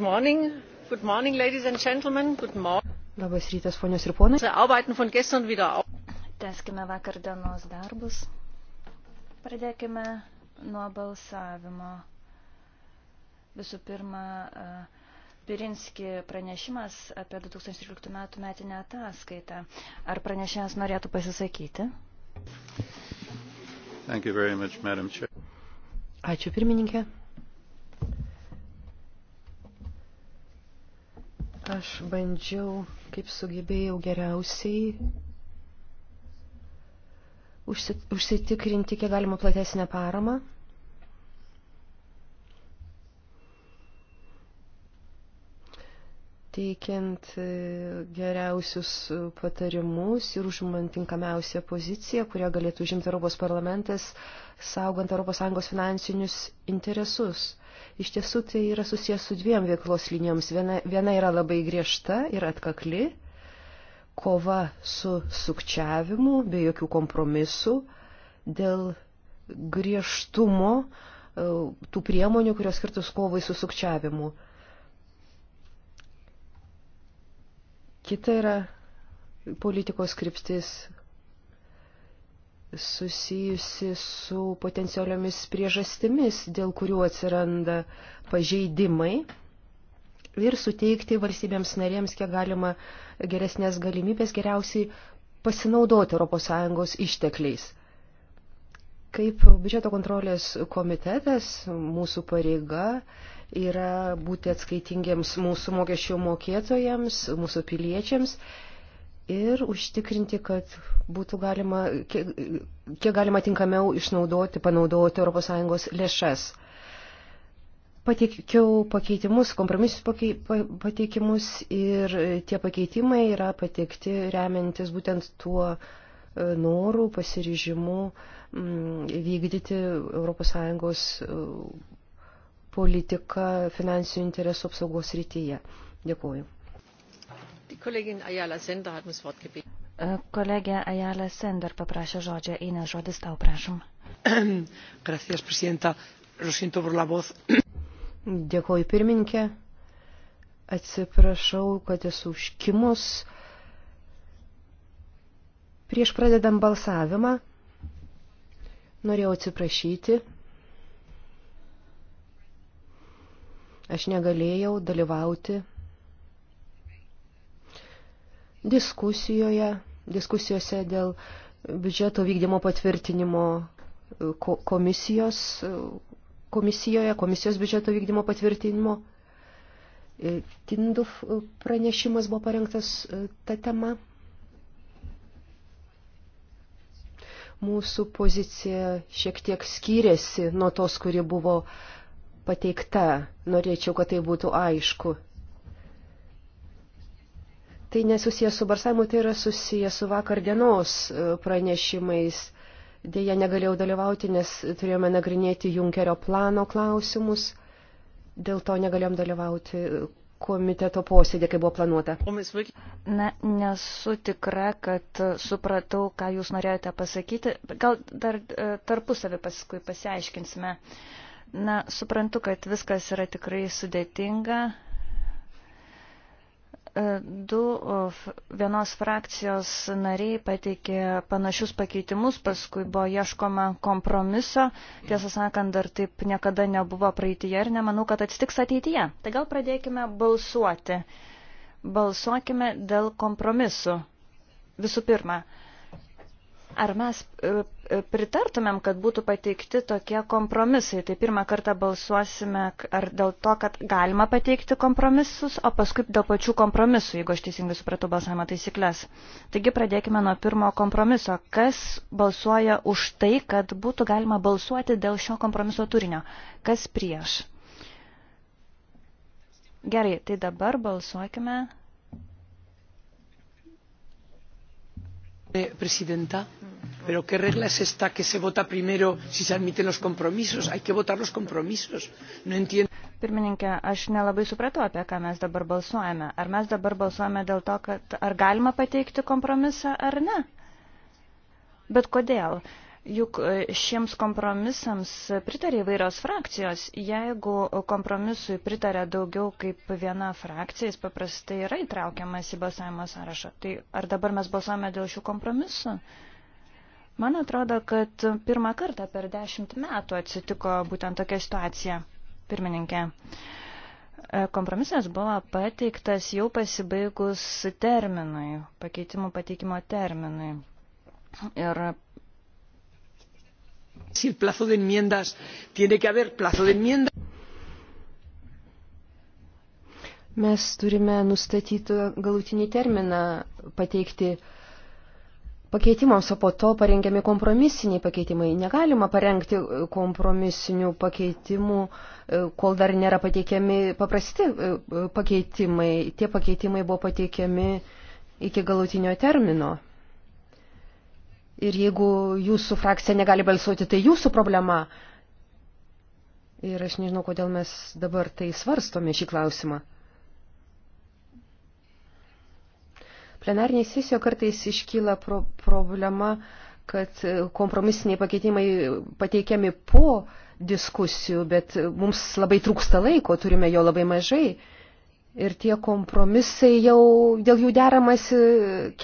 Good morning. Good morning, ladies and gentlemen. Good morning. Labas rytas, ponios ir ponai. Teskime vakar dienos darbus. Pradėkime nuo balsavimo. Visų pirma, e, Pirinski pranešimas apie 2013 metų metinę ataskaitą. Ar pranešėjas norėtų pasisakyti? Thank you very much, Madam Chair. Ačiū pirmininkė. Aš bandžiau, kaip sugebėjau geriausiai, užsitikrinti kiek galima platesnę paramą. teikiant e, geriausius e, patarimus ir užimant tinkamiausią poziciją, kurią galėtų užimti Europos parlamentas, saugant ES finansinius interesus. Iš tiesų tai yra susijęs su dviem veiklos linijoms. Viena, viena yra labai griežta ir atkakli kova su sukčiavimu, be jokių kompromisų, dėl griežtumo e, tų priemonių, kurios skirtus kovai su sukčiavimu. Kita yra politikos skriptis susijusi su potencialiomis priežastimis, dėl kurių atsiranda pažeidimai ir suteikti valstybėms narėms kiek galima geresnės galimybės geriausiai pasinaudoti ES ištekliais. Kaip biudžeto kontrolės komitetas, mūsų pareiga yra būti atskaitingiems mūsų mokesčių mokėtojams, mūsų piliečiams ir užtikrinti, kad būtų galima, kiek, kiek galima tinkamiau išnaudoti, panaudoti ES lėšas. Pateikiau pakeitimus, kompromisus pakei, pateikimus ir tie pakeitimai yra pateikti remiantis būtent tuo e, norų, pasiryžimu mm, vykdyti ES e, politiką finansinių interesų apsaugos rytyje. Dėkuoju. Kolegin Ajala Sender hat mus Wort gebeten. E, kolegė Ajala Sender paprašė žodžio, eina žodis tau, prašom. Gracias, presidenta. Lo siento por la voz. Dėkoju pirmininkė. Atsiprašau, kad esu užkimus. Prieš pradedam balsavimą norėjau atsiprašyti. Aš negalėjau dalyvauti diskusijoje, diskusijose dėl biudžeto vykdymo patvirtinimo e, komisijos, e, komisijoje, komisijos biudžeto vykdymo patvirtinimo. E, Tinduf pranešimas buvo parengtas ta tema. Mūsų pozicija šiek tiek skyrėsi nuo tos, kuri buvo pateikta. Norėčiau, kad tai būtų aišku. Tai nesusijęs su barsavimu, tai yra susijęs su vakar dienos e, pranešimais. Dėja negalėjau dalyvauti, nes turėjome nagrinėti Junkerio plano klausimus. Dėl to negalėjom dalyvauti e, komiteto posėdė, kai buvo planuota. Na, nesu tikra, kad supratau, ką jūs norėjote pasakyti. Gal dar e, tarpusavį paskui pasiaiškinsime. Na, suprantu, kad viskas yra tikrai sudėtinga E, du vienos frakcijos nariai pateikė panašius pakeitimus, paskui buvo ieškoma kompromiso. Tiesą sakant, dar taip niekada nebuvo praeitie ir nemanau, kad atsitiks ateityje. Tai gal pradėkime balsuoti. Balsuokime dėl kompromisų. Visų pirma, Ar mes e, e, pritartumėm, kad būtų pateikti tokie kompromisai? Tai pirmą kartą balsuosime ar dėl to, kad galima pateikti kompromisus, o paskui dėl pačių kompromisų, jeigu aš teisingai supratau balsavimo taisyklės. Taigi pradėkime nuo pirmo kompromiso. Kas balsuoja už tai, kad būtų galima balsuoti dėl šio kompromiso turinio? Kas prieš? Gerai, tai dabar balsuokime Eh, presidenta, pero ¿qué regla es esta que se vota primero si se admiten los compromisos? Hay que votar los compromisos. No entiendo. Pirmininkė, aš nelabai supratau, apie ką mes dabar balsuojame. Ar mes dabar balsuojame dėl to, kad ar galima pateikti kompromisą ar ne? Bet kodėl? Uh, Juk e, šiems kompromisams pritarė įvairios frakcijos. Jeigu kompromisui pritarė daugiau kaip viena frakcija, jis paprastai yra įtraukiamas į balsavimo sąrašą. Tai ar dabar mes balsavome dėl šių kompromisų? Man atrodo, kad pirmą kartą per dešimt metų atsitiko būtent tokia situacija, pirmininkė. E, kompromisas buvo pateiktas jau pasibaigus terminui, pakeitimų pateikimo terminui. Ir Si el plazo de enmiendas tiene que haber plazo de enmiendas. Mes turime nustatyti galutinį terminą pateikti pakeitimams, o po to parengiami kompromisiniai pakeitimai. Negalima parengti kompromisinių pakeitimų, e, kol dar nėra pateikiami paprasti e, e, pakeitimai. Tie pakeitimai buvo pateikiami iki galutinio termino. Ir jeigu jūsų frakcija negali balsuoti, tai jūsų problema. Ir aš nežinau, kodėl mes dabar tai svarstome šį klausimą. Plenarniai sesijoje kartais iškyla pro problema, kad kompromisiniai pakeitimai pateikiami po diskusijų, bet mums labai trūksta laiko, turime jo labai mažai. Ir tie kompromisai jau dėl jų deramasi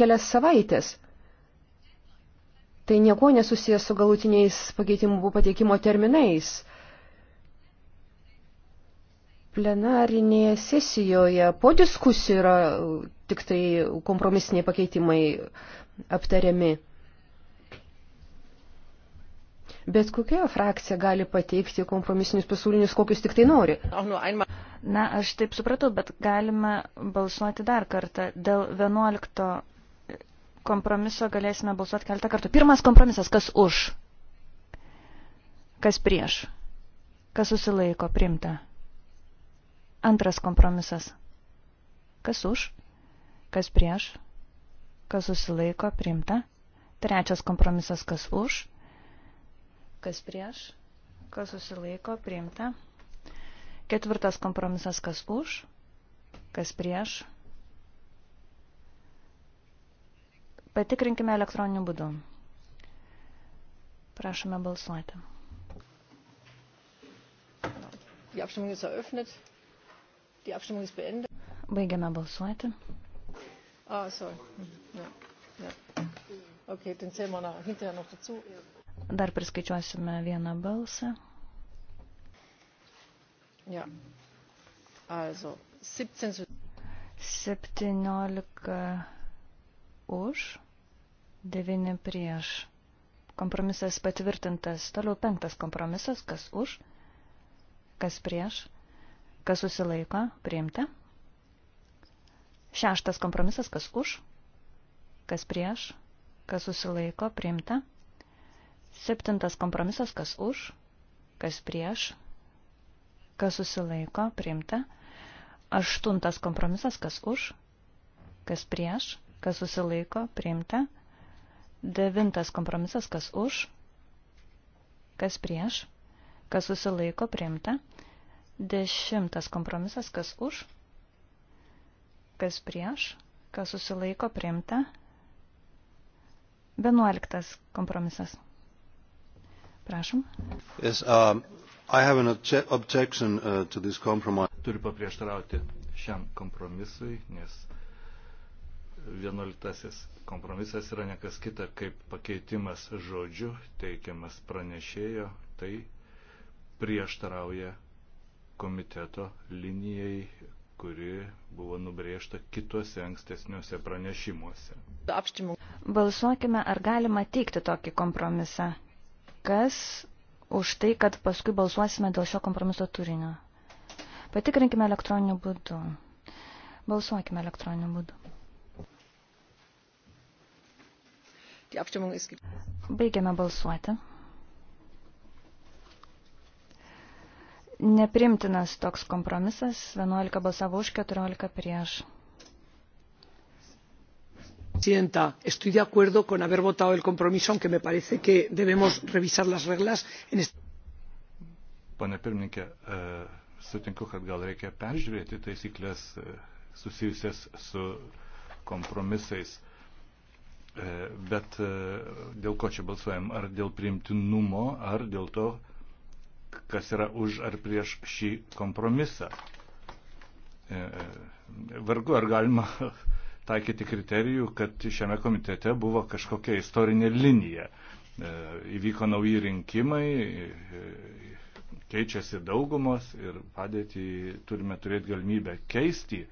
kelias savaitės. Tai nieko nesusijęs su galutiniais pakeitimų pateikimo terminais. Plenarinėje sesijoje po diskusijų yra uh, tik tai kompromisiniai pakeitimai aptariami. Bet kokia frakcija gali pateikti kompromisinius pasiūlymus, kokius tik tai nori? Na, aš taip supratau, bet galime balsuoti dar kartą dėl 11 kompromiso galėsime balsuoti keletą kartų. Pirmas kompromisas, kas už, kas prieš, kas susilaiko, primta. Antras kompromisas, kas už, kas prieš, kas susilaiko, primta. Trečias kompromisas, kas už, kas prieš, kas susilaiko, primta. Ketvirtas kompromisas, kas už, kas prieš, Patikrinkime elektroniniu būdu. Prašome balsuoti. Die Abstimmung ist eröffnet. Die Abstimmung ist beendet. Baigiame balsuoti. Ah, sorry. Ja. Ja. Okay, den zählen wir nach, hinterher noch dazu. Dar priskaičiuosime vieną balsą. Ja. Also, 17 17 už. 9 prieš. Kompromisas patvirtintas. Toliau penktas kompromisas. Kas už? Kas prieš? Kas susilaiko? Priimti. Šeštas kompromisas. Kas už? Kas prieš? Kas susilaiko? Priimti. Septintas kompromisas. Kas už? Kas prieš? Kas susilaiko? Priimti. Aštuntas kompromisas. Kas už? Kas prieš? Kas susilaiko? Priimti. Devintas kompromisas, kas už, kas prieš, kas susilaiko priimta. Dešimtas kompromisas, kas už, kas prieš, kas susilaiko priimta. Vienuoliktas kompromisas. Prašom. Yes, um, I have an obje objection uh, to this compromise. Turiu paprieštarauti šiam kompromisui, nes 11 kompromisas yra nekas kita, kaip pakeitimas žodžiu teikiamas pranešėjo, tai prieštarauja komiteto linijai, kuri buvo nubrėžta kituose ankstesniuose pranešimuose. Balsuokime, ar galima teikti tokį kompromisą. Kas už tai, kad paskui balsuosime dėl šio kompromiso turinio? Patikrinkime elektroniniu būdu. Balsuokime elektroniniu būdu. Die Abstimmung ist Baigiame balsuoti. Neprimtinas toks kompromisas. 11 balsavo už, 14 prieš. Presidenta, estoy de acuerdo con haber votado el compromiso, aunque me parece que debemos revisar las reglas. En este... Pane pirmininkė, e, sutinku, kad gal reikia peržiūrėti taisyklės e, susijusias su kompromisais. E, bet e, dėl ko čia balsuojam? Ar dėl priimtinumo, ar dėl to, kas yra už ar prieš šį kompromisą? E, vargu ar galima taikyti kriterijų, kad šiame komitete buvo kažkokia istorinė linija. Įvyko nauji rinkimai, keičiasi daugumos ir padėtį turime turėti galimybę keisti.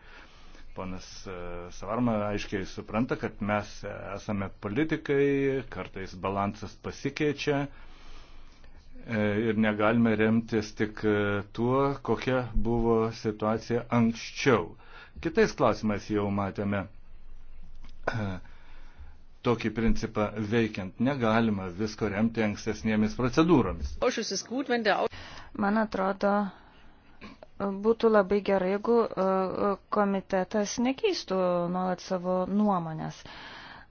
Ponas e, Savarma aiškiai supranta, kad mes esame politikai, kartais balansas pasikeičia e, ir negalime remtis tik e, tuo, kokia buvo situacija anksčiau. Kitais klausimais jau matėme tokį principą veikiant. Negalima visko remti ankstesnėmis procedūromis. Man atrodo, būtų labai gerai, jeigu e, e, komitetas nekeistų nuolat savo nuomonės.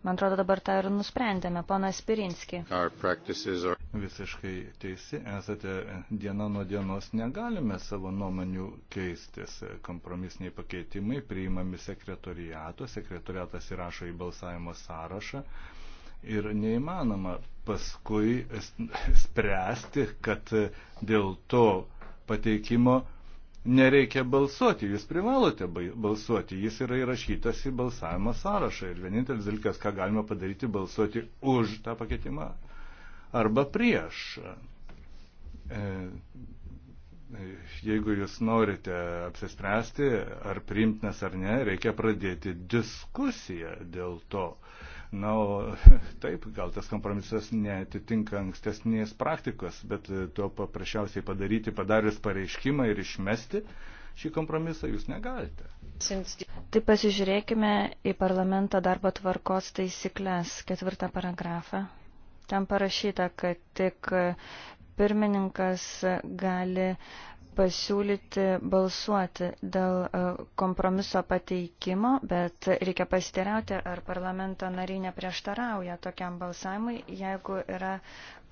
Man atrodo, dabar tą ir nusprendėme, ponas Pirinski. Are... Visiškai teisi, esate diena nuo dienos, negalime savo nuomonių keistis. Kompromisiniai pakeitimai priimami sekretoriato, sekretoriatas įrašo į balsavimo sąrašą ir neįmanoma paskui spręsti, kad dėl to pateikimo nereikia balsuoti, jūs privalote balsuoti, jis yra įrašytas į balsavimo sąrašą ir vienintelis dalykas, ką galima padaryti, balsuoti už tą pakeitimą arba prieš. E, e, jeigu jūs norite apsispręsti, ar priimtinas ar ne, reikia pradėti diskusiją dėl to. Na, o taip, gal tas kompromisas netitinka ankstesnės praktikos, bet e, to paprasčiausiai padaryti, padarius pareiškimą ir išmesti šį kompromisą jūs negalite. Tai pasižiūrėkime į parlamento darbo tvarkos taisyklės ketvirtą paragrafą. Ten parašyta, kad tik e, pirmininkas gali uh, pasiūlyti balsuoti dėl e, kompromiso pateikimo, bet reikia pasitėriauti, ar parlamento nariai neprieštarauja tokiam balsavimui. Jeigu yra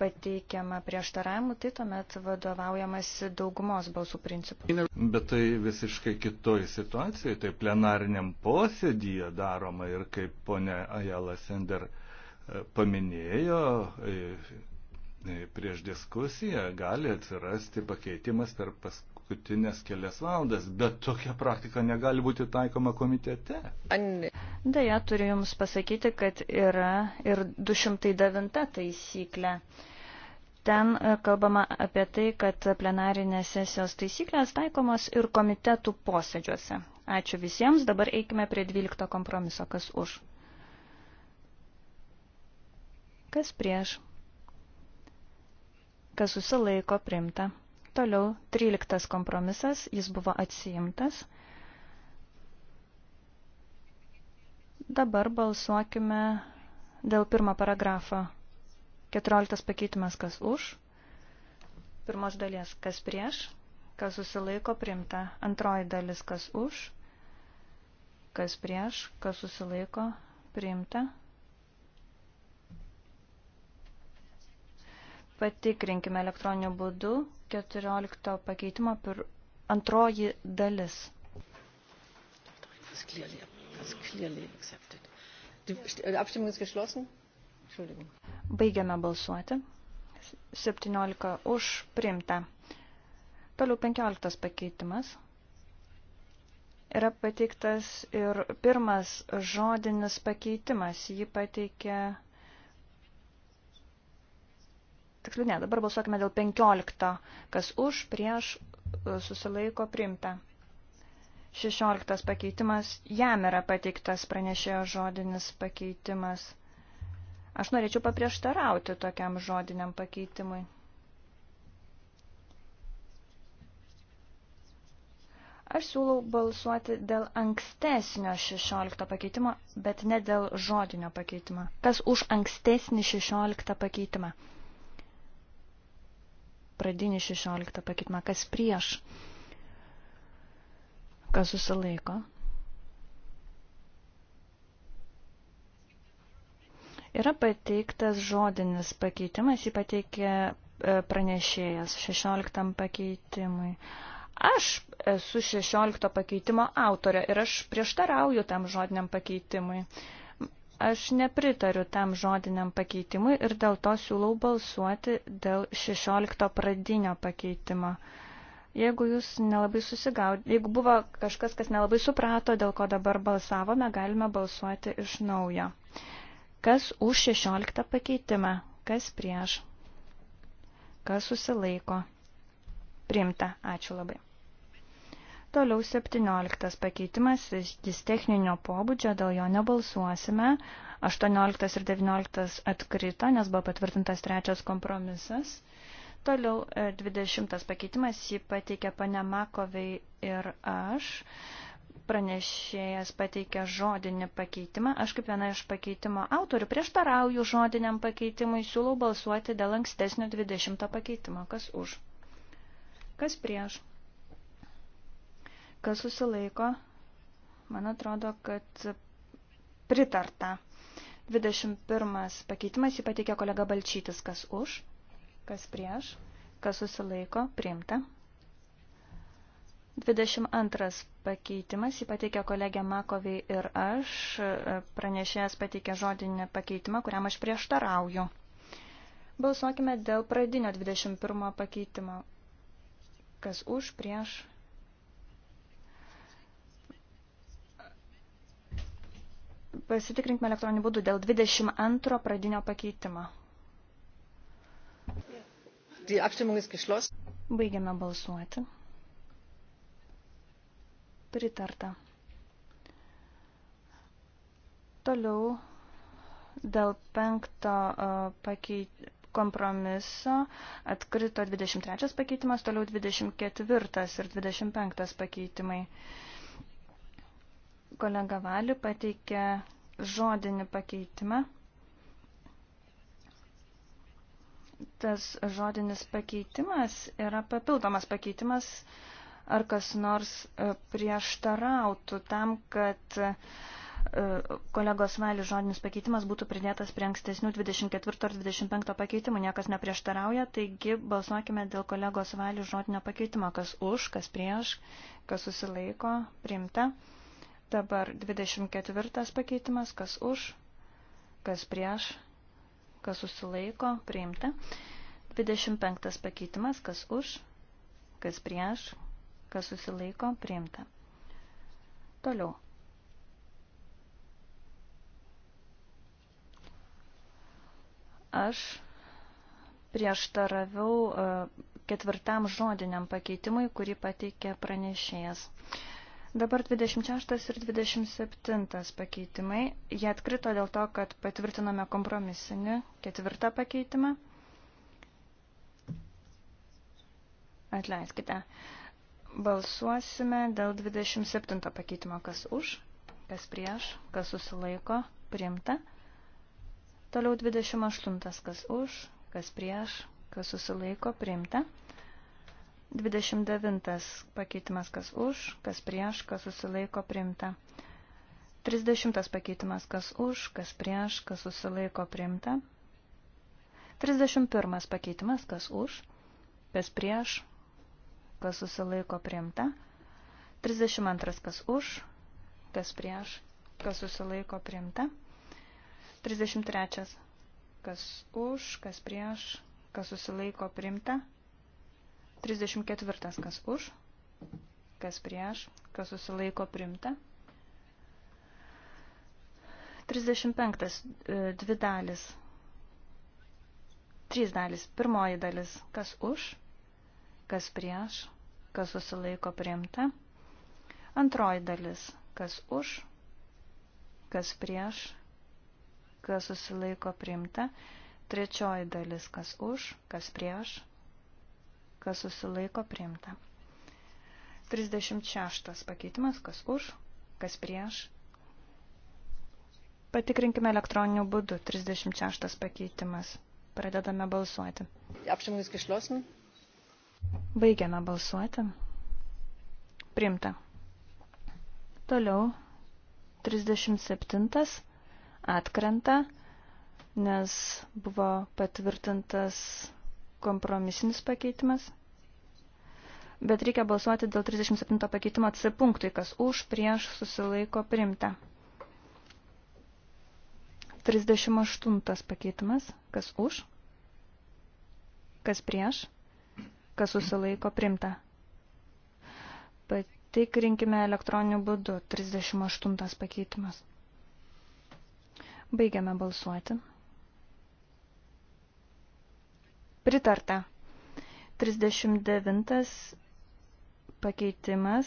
pateikiama prieštaravimų, tai tuomet vadovaujamasi daugumos balsų principu. Bet tai visiškai kitoj situacijai, tai plenariniam posėdyje daroma ir kaip ponia Ajala Sender e, paminėjo, e, prieš diskusiją gali atsirasti pakeitimas per paskutinės kelias valandas, bet tokia praktika negali būti taikoma komitete. Deja, turiu Jums pasakyti, kad yra ir 209 taisyklė. Ten e, kalbama apie tai, kad plenarinės sesijos taisyklės taikomos ir komitetų posėdžiuose. Ačiū visiems, dabar eikime prie 12 kompromiso, kas už. Kas prieš? kas susilaiko primta. Toliau 13 kompromisas, jis buvo atsiimtas. Dabar balsuokime dėl pirmo paragrafo. 14 pakeitimas, kas už. Pirmos dalies, kas prieš. Kas susilaiko primta. Antroji dalis, kas už. Kas prieš, kas susilaiko primta. Patikrinkime elektroniniu būdu 14 pakeitimo per antroji dalis. Äh, Baigiame balsuoti. 17 už primta. Toliau 15 pakeitimas. Yra pateiktas ir pirmas žodinis pakeitimas. Jį pateikė Tiksliau ne, dabar balsuokime dėl 15, kas už, prieš, e, susilaiko primta. 16 pakeitimas, jam yra pateiktas pranešėjo žodinis pakeitimas. Aš norėčiau paprieštarauti tokiam žodiniam pakeitimui. Aš siūlau balsuoti dėl ankstesnio 16 pakeitimo, bet ne dėl žodinio pakeitimo. Kas už ankstesnį 16 pakeitimą? pradinį 16 pakeitimą, kas prieš, kas susilaiko. Yra pateiktas žodinis pakeitimas, jį pateikė e, pranešėjas 16 pakeitimui. Aš esu 16 pakeitimo autorė ir aš prieštarauju tam žodiniam pakeitimui. Uh, Aš nepritariu tam žodiniam pakeitimui ir dėl to siūlau balsuoti dėl 16 pradinio pakeitimo. Jeigu jūs nelabai susigaud, jeigu buvo kažkas, kas nelabai suprato, dėl ko dabar balsavome, galime balsuoti iš naujo. Kas už 16 pakeitimą? Kas prieš? Kas susilaiko? Primta. Ačiū labai. Toliau 17 pakeitimas, jis techninio pobūdžio, dėl jo nebalsuosime. 18 ir 19 atkrito, nes buvo patvirtintas trečias kompromisas. Toliau 20 e, pakeitimas, jį pateikė pane Makovai ir aš. Pranešėjas pateikė žodinį pakeitimą. Aš kaip viena iš pakeitimo autorių prieštarauju žodiniam pakeitimui, siūlau balsuoti dėl ankstesnio 20 pakeitimo. Kas už? Kas prieš? kas susilaiko, man atrodo, kad pritarta. 21 pakeitimas jį pateikė kolega Balčytis, kas už, kas prieš, kas susilaiko, priimta. 22 pakeitimas jį pateikė kolegė Makoviai ir aš, pranešėjas pateikė žodinį pakeitimą, kuriam aš prieštarauju. Balsuokime dėl pradinio 21 pakeitimo. Kas už, prieš, Pasitikrinkime elektroniniu būdu dėl 22 pradinio pakeitimo. Baigiame balsuoti. Pritarta. Toliau dėl penkto pakeit... kompromiso atkrito 23 pakeitimas, toliau 24 ir 25 pakeitimai kolega Vali pateikė žodinį pakeitimą. Tas žodinis pakeitimas yra papildomas pakeitimas, ar kas nors e, prieštarautų tam, kad e, kolegos Valis žodinis pakeitimas būtų pridėtas prie ankstesnių 24 ar 25 pakeitimų. Niekas neprieštarauja, taigi balsuokime dėl kolegos Valis žodinio pakeitimo. Kas už, kas prieš, kas susilaiko, priimta. Dabar 24 pakeitimas, kas už, kas prieš, kas susilaiko, priimta. 25 pakeitimas, kas už, kas prieš, kas susilaiko, priimta. Toliau. Aš prieštaravau e, ketvirtam žodiniam pakeitimui, kurį pateikė pranešėjas. Dabar 26 ir 27 pakeitimai. Jie atkrito dėl to, kad patvirtinome kompromisinį ketvirtą pakeitimą. Atleiskite. Balsuosime dėl 27 pakeitimo, kas už, kas prieš, kas susilaiko, priimta. Toliau 28, kas už, kas prieš, kas susilaiko, priimta. 29 pakeitimas kas už, kas prieš, kas susilaiko priimta. 30 pakeitimas kas už, kas prieš, kas susilaiko priimta. 31 pakeitimas kas už, kas prieš, kas susilaiko priimta. 32 kas už, kas prieš, kas susilaiko priimta. 33 kas už, kas prieš, kas susilaiko priimta. 34. Kas už, kas prieš, kas susilaiko primta. 35. E, dvi dalis. Trys dalis. Pirmoji dalis. Kas už, kas prieš, kas susilaiko primta. Antroji dalis. Kas už, kas prieš, kas susilaiko primta. Trečioji dalis. Kas už, kas prieš, kas susilaiko priimta. 36 pakeitimas, kas už, kas prieš. Patikrinkime elektroniniu būdu. 36 pakeitimas. Pradedame balsuoti. Apšimus geschlossen. Baigiame balsuoti. Primta. Toliau 37 atkrenta, nes buvo patvirtintas kompromisinis pakeitimas. Bet reikia balsuoti dėl 37 pakeitimo C punktui, kas už, prieš, susilaiko, primta. 38 pakeitimas, kas už, kas prieš, kas susilaiko, primta. Patikrinkime elektroniniu būdu 38 pakeitimas. Baigiame balsuoti. Pritarta. 39 pakeitimas.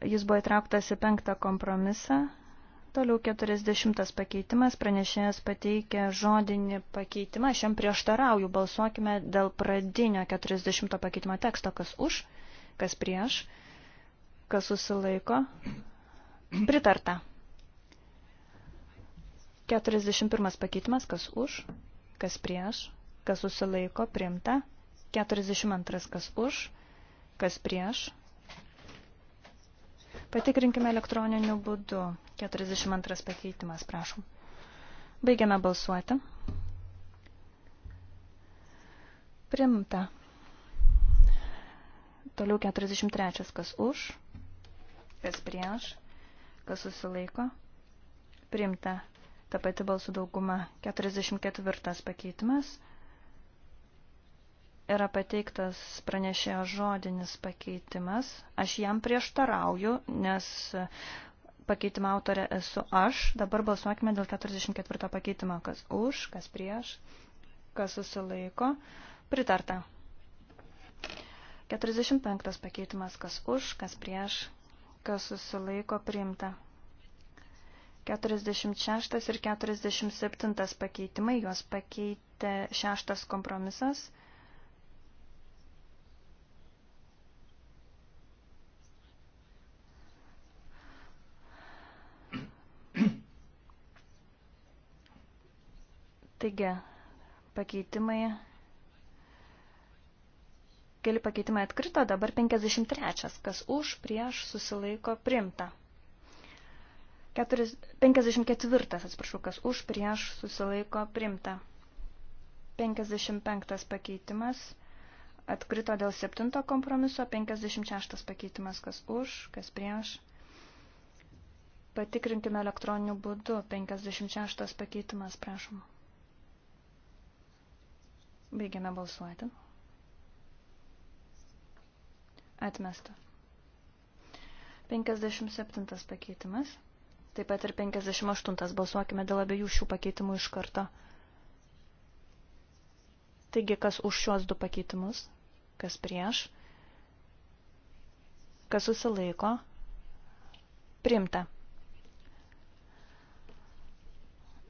Jis buvo įtrauktas į penktą kompromisą. Toliau 40 pakeitimas. Pranešėjas pateikė žodinį pakeitimą. Šiam prieštarauju. Balsuokime dėl pradinio 40 pakeitimo teksto. Kas už, kas prieš, kas susilaiko. Pritarta. 41 pakeitimas. Kas už, kas prieš, kas susilaiko priimta, 42 kas už, kas prieš. Patikrinkime elektroniniu būdu. 42 pakeitimas, prašom. Baigiame balsuoti. Primta. Toliau 43. Kas už, kas prieš, kas susilaiko. Primta. Ta pati balsų dauguma. 44 pakeitimas yra pateiktas pranešėjo žodinis pakeitimas. Aš jam prieštarauju, nes pakeitimo autorė esu aš. Dabar balsuokime dėl 44 pakeitimo. Kas už, kas prieš, kas susilaiko. Pritarta. 45 pakeitimas. Kas už, kas prieš, kas susilaiko. Priimta. 46 ir 47 pakeitimai, juos pakeitė šeštas kompromisas. Taigi, pakeitimai. Keli pakeitimai atkrito, dabar 53, kas už, prieš, susilaiko, primta. 54, atsiprašau, kas už, prieš, susilaiko, primta. 55 pakeitimas atkrito dėl 7 kompromiso, 56 pakeitimas, kas už, kas prieš. Patikrinkime elektroniniu būdu, 56 pakeitimas, prašom. Baigiame balsuoti. Atmesta. 57 pakeitimas. Taip pat ir 58 balsuokime dėl abiejų šių pakeitimų iš karto. Taigi, kas už šios du pakeitimus, kas prieš, kas susilaiko, primta.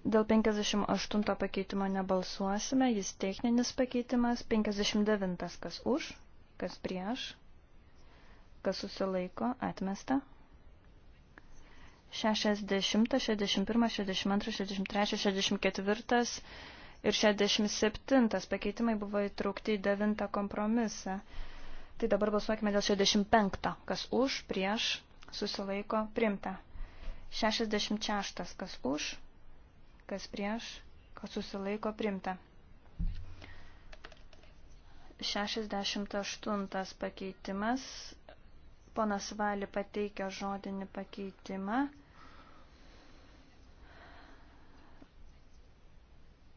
Dėl 58 pakeitimo nebalsuosime, jis techninis pakeitimas. 59 kas už, kas prieš, kas susilaiko, atmesta. 60, 61, 62, 63, 64 ir 67 pakeitimai buvo įtraukti į 9 kompromisą. Tai dabar balsuokime dėl 65, kas už, prieš, susilaiko, primta. 66, kas už, kas prieš, kas susilaiko primta. 68 pakeitimas. Ponas Valį pateikia žodinį pakeitimą.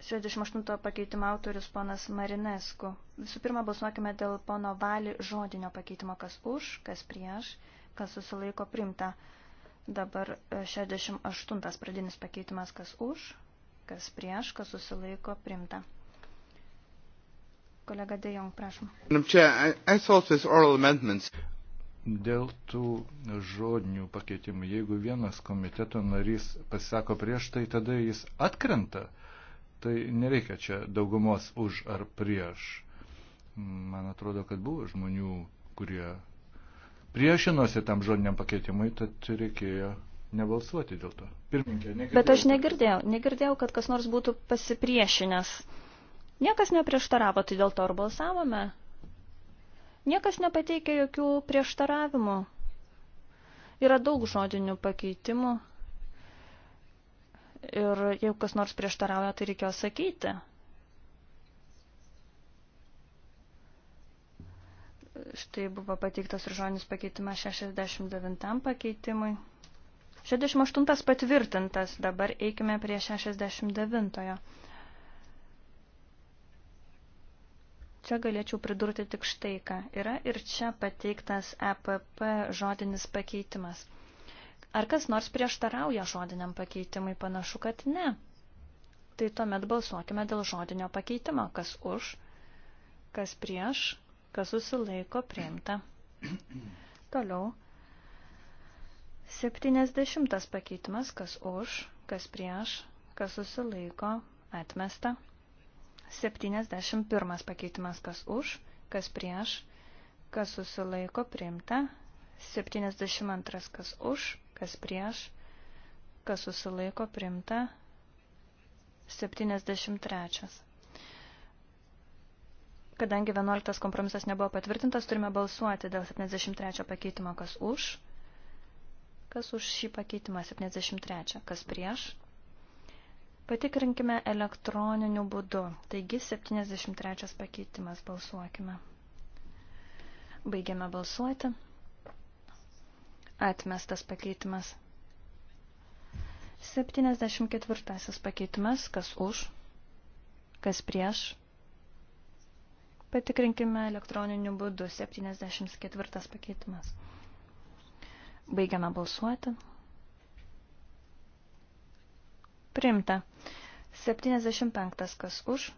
68 pakeitimo autorius ponas Marinesku. Visų pirma, balsuokime dėl pono Valį žodinio pakeitimo, kas už, kas prieš, kas susilaiko primta. Dabar 68 pradinis pakeitimas, kas už, kas prieš, kas susilaiko primta. Kolega De Jong, prašom. Dėl tų žodinių pakeitimų, jeigu vienas komiteto narys pasisako prieš, tai tada jis atkrenta. Tai nereikia čia daugumos už ar prieš. Man atrodo, kad buvo žmonių, kurie priešinosi tam žodiniam pakeitimui, tad reikėjo nebalsuoti dėl to. Pirminkė, Bet aš negirdėjau, negirdėjau, kad kas nors būtų pasipriešinęs. Niekas neprieštaravo, tai dėl to ir balsavome. Niekas nepateikė jokių prieštaravimų. Yra daug žodinių pakeitimų. Ir jeigu kas nors prieštarauja, tai reikėjo sakyti. Štai buvo pateiktas ir žodinis pakeitimas 69 pakeitimui. 68 patvirtintas, dabar eikime prie 69. Čia galėčiau pridurti tik štai ką. Yra ir čia pateiktas EPP žodinis pakeitimas. Ar kas nors prieštarauja žodiniam pakeitimui? Panašu, kad ne. Tai tuomet balsuokime dėl žodinio pakeitimo. Kas už, kas prieš, kas susilaiko priimta. Toliau. 70 pakeitimas, kas už, kas prieš, kas susilaiko, atmesta. 71 pakeitimas, kas už, kas prieš, kas susilaiko, priimta. 72 kas už, kas prieš, kas susilaiko, priimta. 73. Kadangi 11 kompromisas nebuvo patvirtintas, turime balsuoti dėl 73 pakeitimo, kas už, Kas už šį pakeitimą 73? Kas prieš? Patikrinkime elektroniniu būdu. Taigi 73 pakeitimas balsuokime. Baigiame balsuoti. Atmestas pakeitimas. 74 pakeitimas. Kas už? Kas prieš? Patikrinkime elektroniniu būdu. 74 pakeitimas. Baigiame balsuoti. Primta. 75. Kas už?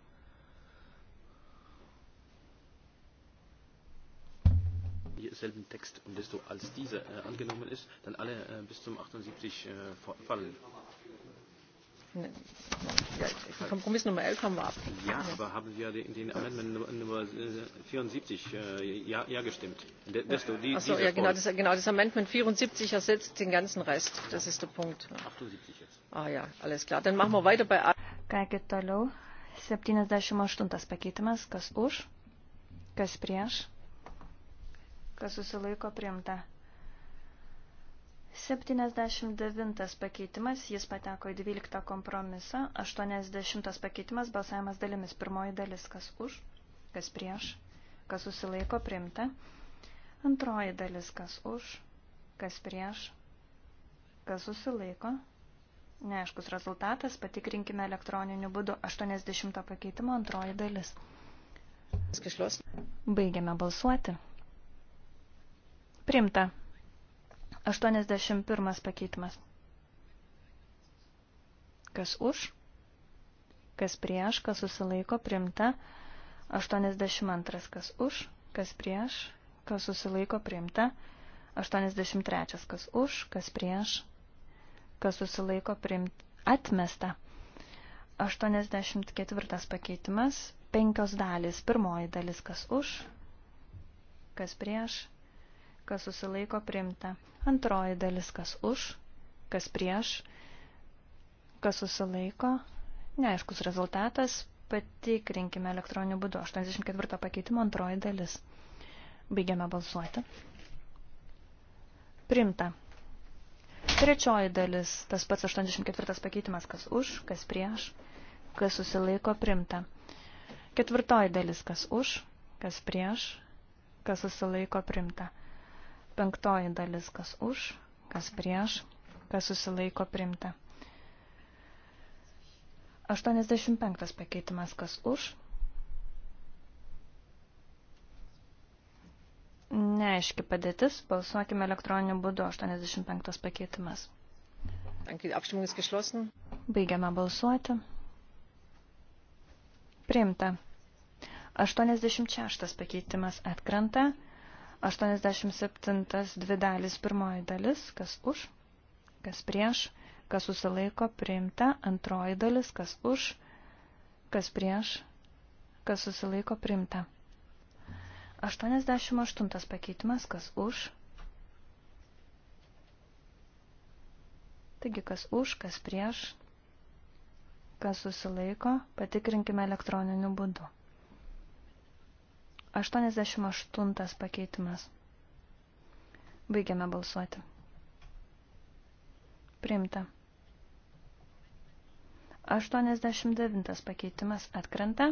selben Text und desto als dieser äh, angenommen ist, dann alle äh, bis zum 78 äh, fallen. Ja, Kompromiss Nummer 11 haben wir abgelehnt. Ja, ja, aber haben Sie ja den, den Amendment Nummer 74 äh, äh, ja, ja gestimmt. Desto, die, Ach so, ja, genau das, genau, das Amendment 74 ersetzt den ganzen Rest. Das ist der Punkt. 78 jetzt. Ah ja, alles klar. Dann machen wir weiter bei... Kągi toliau. 78 pakeitimas. Kas už? Kas prieš? Kas susilaiko priimta? 79 pakeitimas, jis pateko į 12 kompromisą, 80 pakeitimas, balsavimas dalimis, pirmoji dalis, kas už, kas prieš, kas susilaiko primta, antroji dalis, kas už, kas prieš, kas susilaiko, neaiškus rezultatas, patikrinkime elektroniniu būdu 80 pakeitimo antroji dalis. Baigiame balsuoti. Primta. 81 pakeitimas. Kas už, kas prieš, kas susilaiko, primta. 82 kas už, kas prieš, kas susilaiko, primta. 83 kas už, kas prieš, kas susilaiko, primta. Atmesta. 84 pakeitimas, penkios dalys. Pirmoji dalis kas už, kas prieš, kas susilaiko primta. Antroji dalis, kas už, kas prieš, kas susilaiko, neaiškus rezultatas, patikrinkime elektroniniu būdu. 84 pakeitimo antroji dalis. Baigiame balsuoti. Primta. Trečioji dalis, tas pats 84 pakeitimas, kas už, kas prieš, kas susilaiko, primta. Ketvirtoji dalis, kas už, kas prieš, kas susilaiko, primta. Penktoji dalis, kas už, kas prieš, kas susilaiko primta. 85 pakeitimas, kas už. Neaiški padėtis, balsuokime elektroniniu būdu, 85 pakeitimas. Baigiame balsuoti. Priimta. 86 pakeitimas atkrenta. 87 dvi dalis pirmoji dalis, kas už, kas prieš, kas susilaiko priimta, antroji dalis, kas už, kas prieš, kas susilaiko priimta. 88 pakeitimas, kas už. Taigi, kas už, kas prieš, kas susilaiko, patikrinkime elektroniniu būdu. 88 pakeitimas. Baigiame balsuoti. Primta. 89 pakeitimas atkrenta.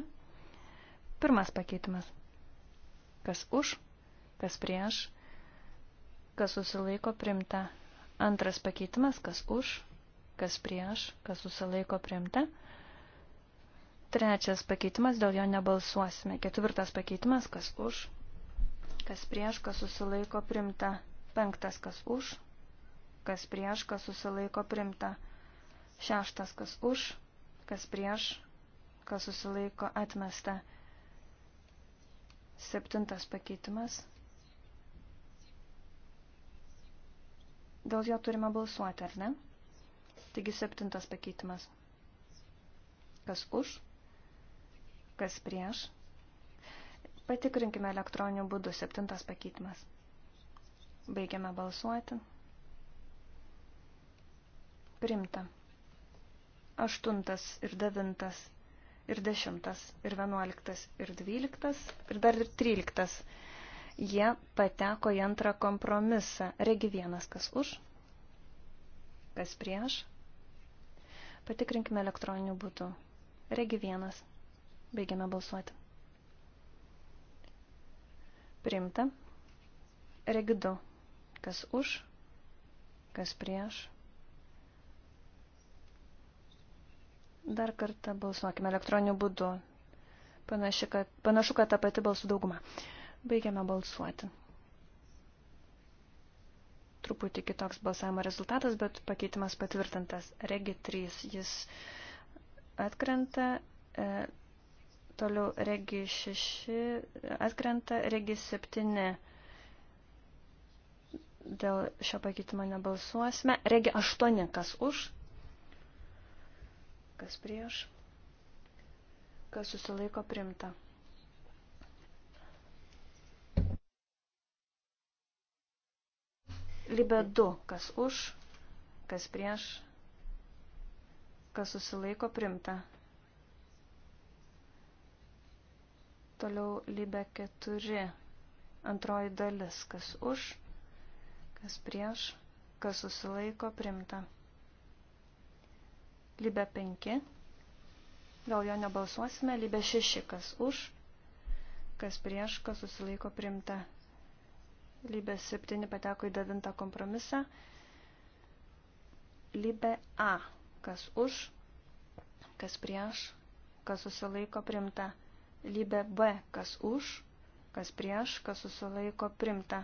Pirmas pakeitimas. Kas už, kas prieš, kas susilaiko primta. Antras pakeitimas, kas už, kas prieš, kas susilaiko primta. Trečias pakeitimas, dėl jo nebalsuosime. Ketvirtas pakeitimas, kas už, kas prieš, kas susilaiko primta. Penktas, kas už, kas prieš, kas susilaiko primta. Šeštas, kas už, kas prieš, kas susilaiko atmesta. Septintas pakeitimas. Dėl jo turime balsuoti, ar ne? Taigi septintas pakeitimas. Kas už, Kas prieš? Patikrinkime elektroniniu būdu. Septintas pakeitimas. Baigiame balsuoti. Primta. Aštuntas ir devintas ir dešimtas ir vienuoliktas ir dvyliktas ir dar ir tryliktas. Jie pateko į antrą kompromisą. Regi vienas, kas už, kas prieš. Patikrinkime elektroniniu būdu. Regi vienas. Baigiame balsuoti. Priimta. Regidu. Kas už, kas prieš. Dar kartą balsuokime elektroniniu būdu. Panaši, kad, panašu, kad ta pati balsų dauguma. Baigiame balsuoti. Truputį kitoks balsavimo rezultatas, bet pakeitimas patvirtintas. Regi 3. Jis atkrenta. E, Toliau regi 6 atkrenta, regi 7 dėl šio pakeitimo nebalsuosime. Regi 8 kas už, kas prieš, kas susilaiko primta. Libe 2 kas už, kas prieš, kas susilaiko primta. Toliau Libe 4, antroji dalis, kas už, kas prieš, kas susilaiko primta. Libe 5, gal jo nebalsuosime, Libe 6, kas už, kas prieš, kas susilaiko primta. Libe 7 pateko į 9 kompromisą. Libe A, kas už, kas prieš, kas susilaiko primta. Lybė B, kas už, kas prieš, kas susilaiko primta.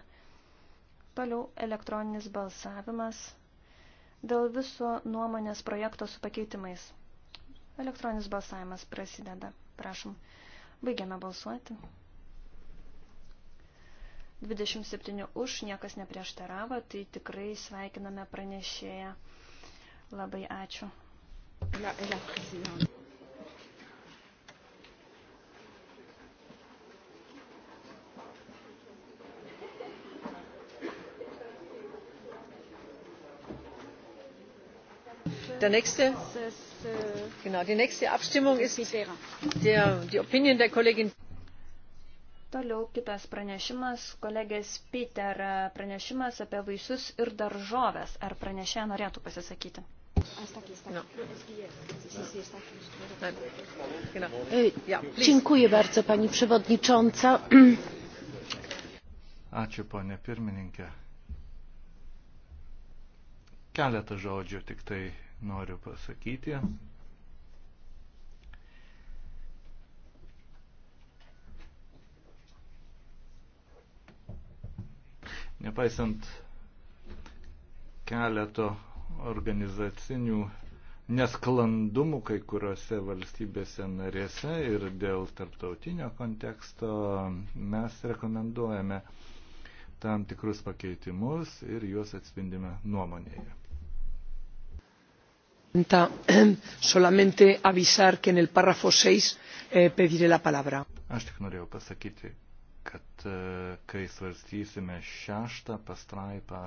Toliau elektroninis balsavimas dėl viso nuomonės projekto su pakeitimais. Elektroninis balsavimas prasideda. Prašom. Baigiame balsuoti. 27 už, niekas neprieštaravo, tai tikrai sveikiname pranešėją. Labai ačiū. La, la, der nächste, genau, die nächste Abstimmung ist der, die Opinion der Kollegin. Toliau kitas pranešimas, kolegės Peter, e, pranešimas apie vaisius ir daržovės. Ar pranešė norėtų pasisakyti? E, dziękuję bardzo, pani przewodnicząca. Ačiū, ponė pirmininkė. Keletą žodžių tik tai noriu pasakyti. Nepaisant keleto organizacinių nesklandumų kai kuriuose valstybėse narėse ir dėl tarptautinio konteksto mes rekomenduojame tam tikrus pakeitimus ir juos atspindime nuomonėje. solamente avisar que en el párrafo seis eh, pediré la palabra. Aš tik norėjau pasakyti, kad e, kai svarstysime šeštą pastraipą,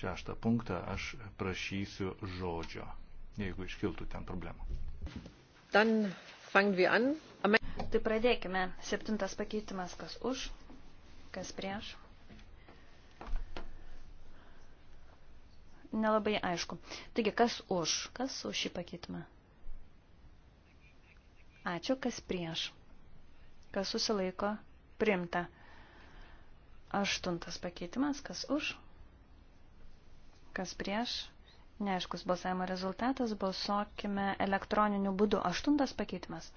šeštą punktą, aš prašysiu žodžio, jeigu iškiltų ten problemų. Dan fangen wir an. Tai pradėkime. Septintas pakeitimas, kas už, kas prieš. nelabai aišku. Taigi, kas už? Kas už šį pakeitimą? Ačiū, kas prieš? Kas susilaiko? Primta. Aštuntas pakeitimas, kas už? Kas prieš? Neaiškus balsavimo rezultatas, balsuokime elektroniniu būdu. Aštuntas pakeitimas.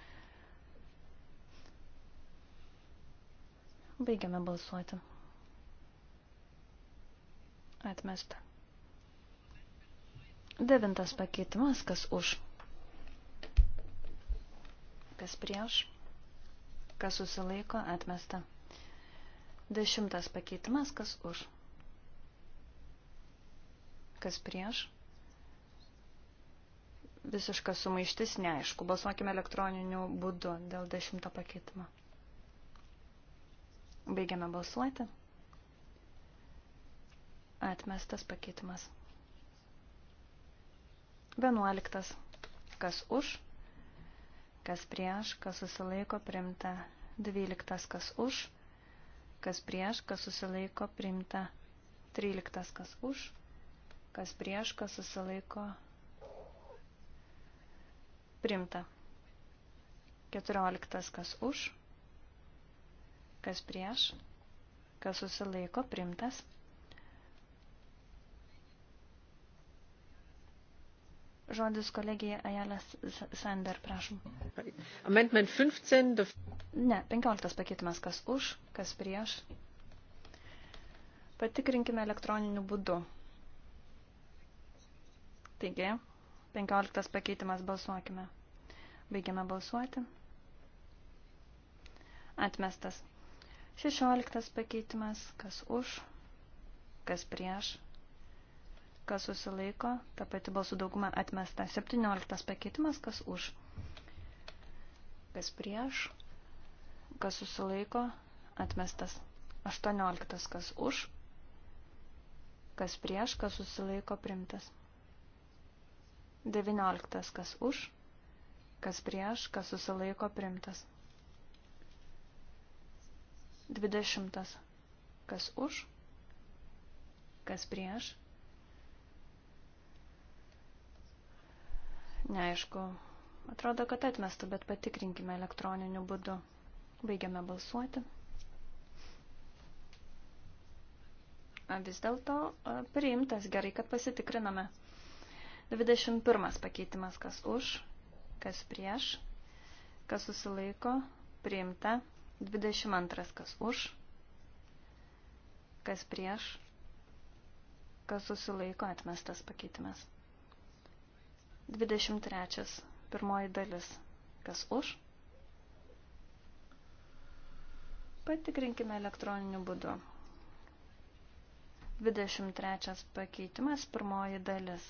Baigiame balsuoti. Atmesta. Devintas pakeitimas, kas už, kas prieš, kas susilaiko, atmesta. Dešimtas pakeitimas, kas už, kas prieš. Visiškas sumaištis neaišku. Balsuokime elektroniniu būdu dėl dešimto pakeitimo. Baigiame balsuoti. Atmestas pakeitimas. 11. Kas už, kas prieš, kas susilaiko primta. 12. Kas už, kas prieš, kas susilaiko primta. 13. Kas už, kas prieš, kas susilaiko primta. 14. Kas už, kas prieš, kas susilaiko primtas. Žodis kolegija Ajalas Sander, prašom. Amendment 15. Ne, 15 pakeitimas, kas už, kas prieš. Patikrinkime elektroniniu būdu. Taigi, 15 pakeitimas balsuokime. Baigiame balsuoti. Atmestas. 16 pakeitimas, kas už, kas prieš kas susilaiko, ta pati balsų dauguma atmesta. 17 pakeitimas, kas už, kas prieš, kas susilaiko, atmestas. 18 kas už, kas prieš, kas susilaiko, primtas. 19 kas už, kas prieš, kas susilaiko, primtas. 20 kas už, kas prieš, Neaišku, atrodo, kad atmestų, bet patikrinkime elektroniniu būdu. Baigiame balsuoti. Vis dėlto priimtas, gerai, kad pasitikriname. 21 pakeitimas, kas už, kas prieš, kas susilaiko, priimta. 22 kas už, kas prieš, kas susilaiko, atmestas pakeitimas. 23. Pirmoji dalis. Kas už? Patikrinkime elektroniniu būdu. 23 pakeitimas, pirmoji dalis.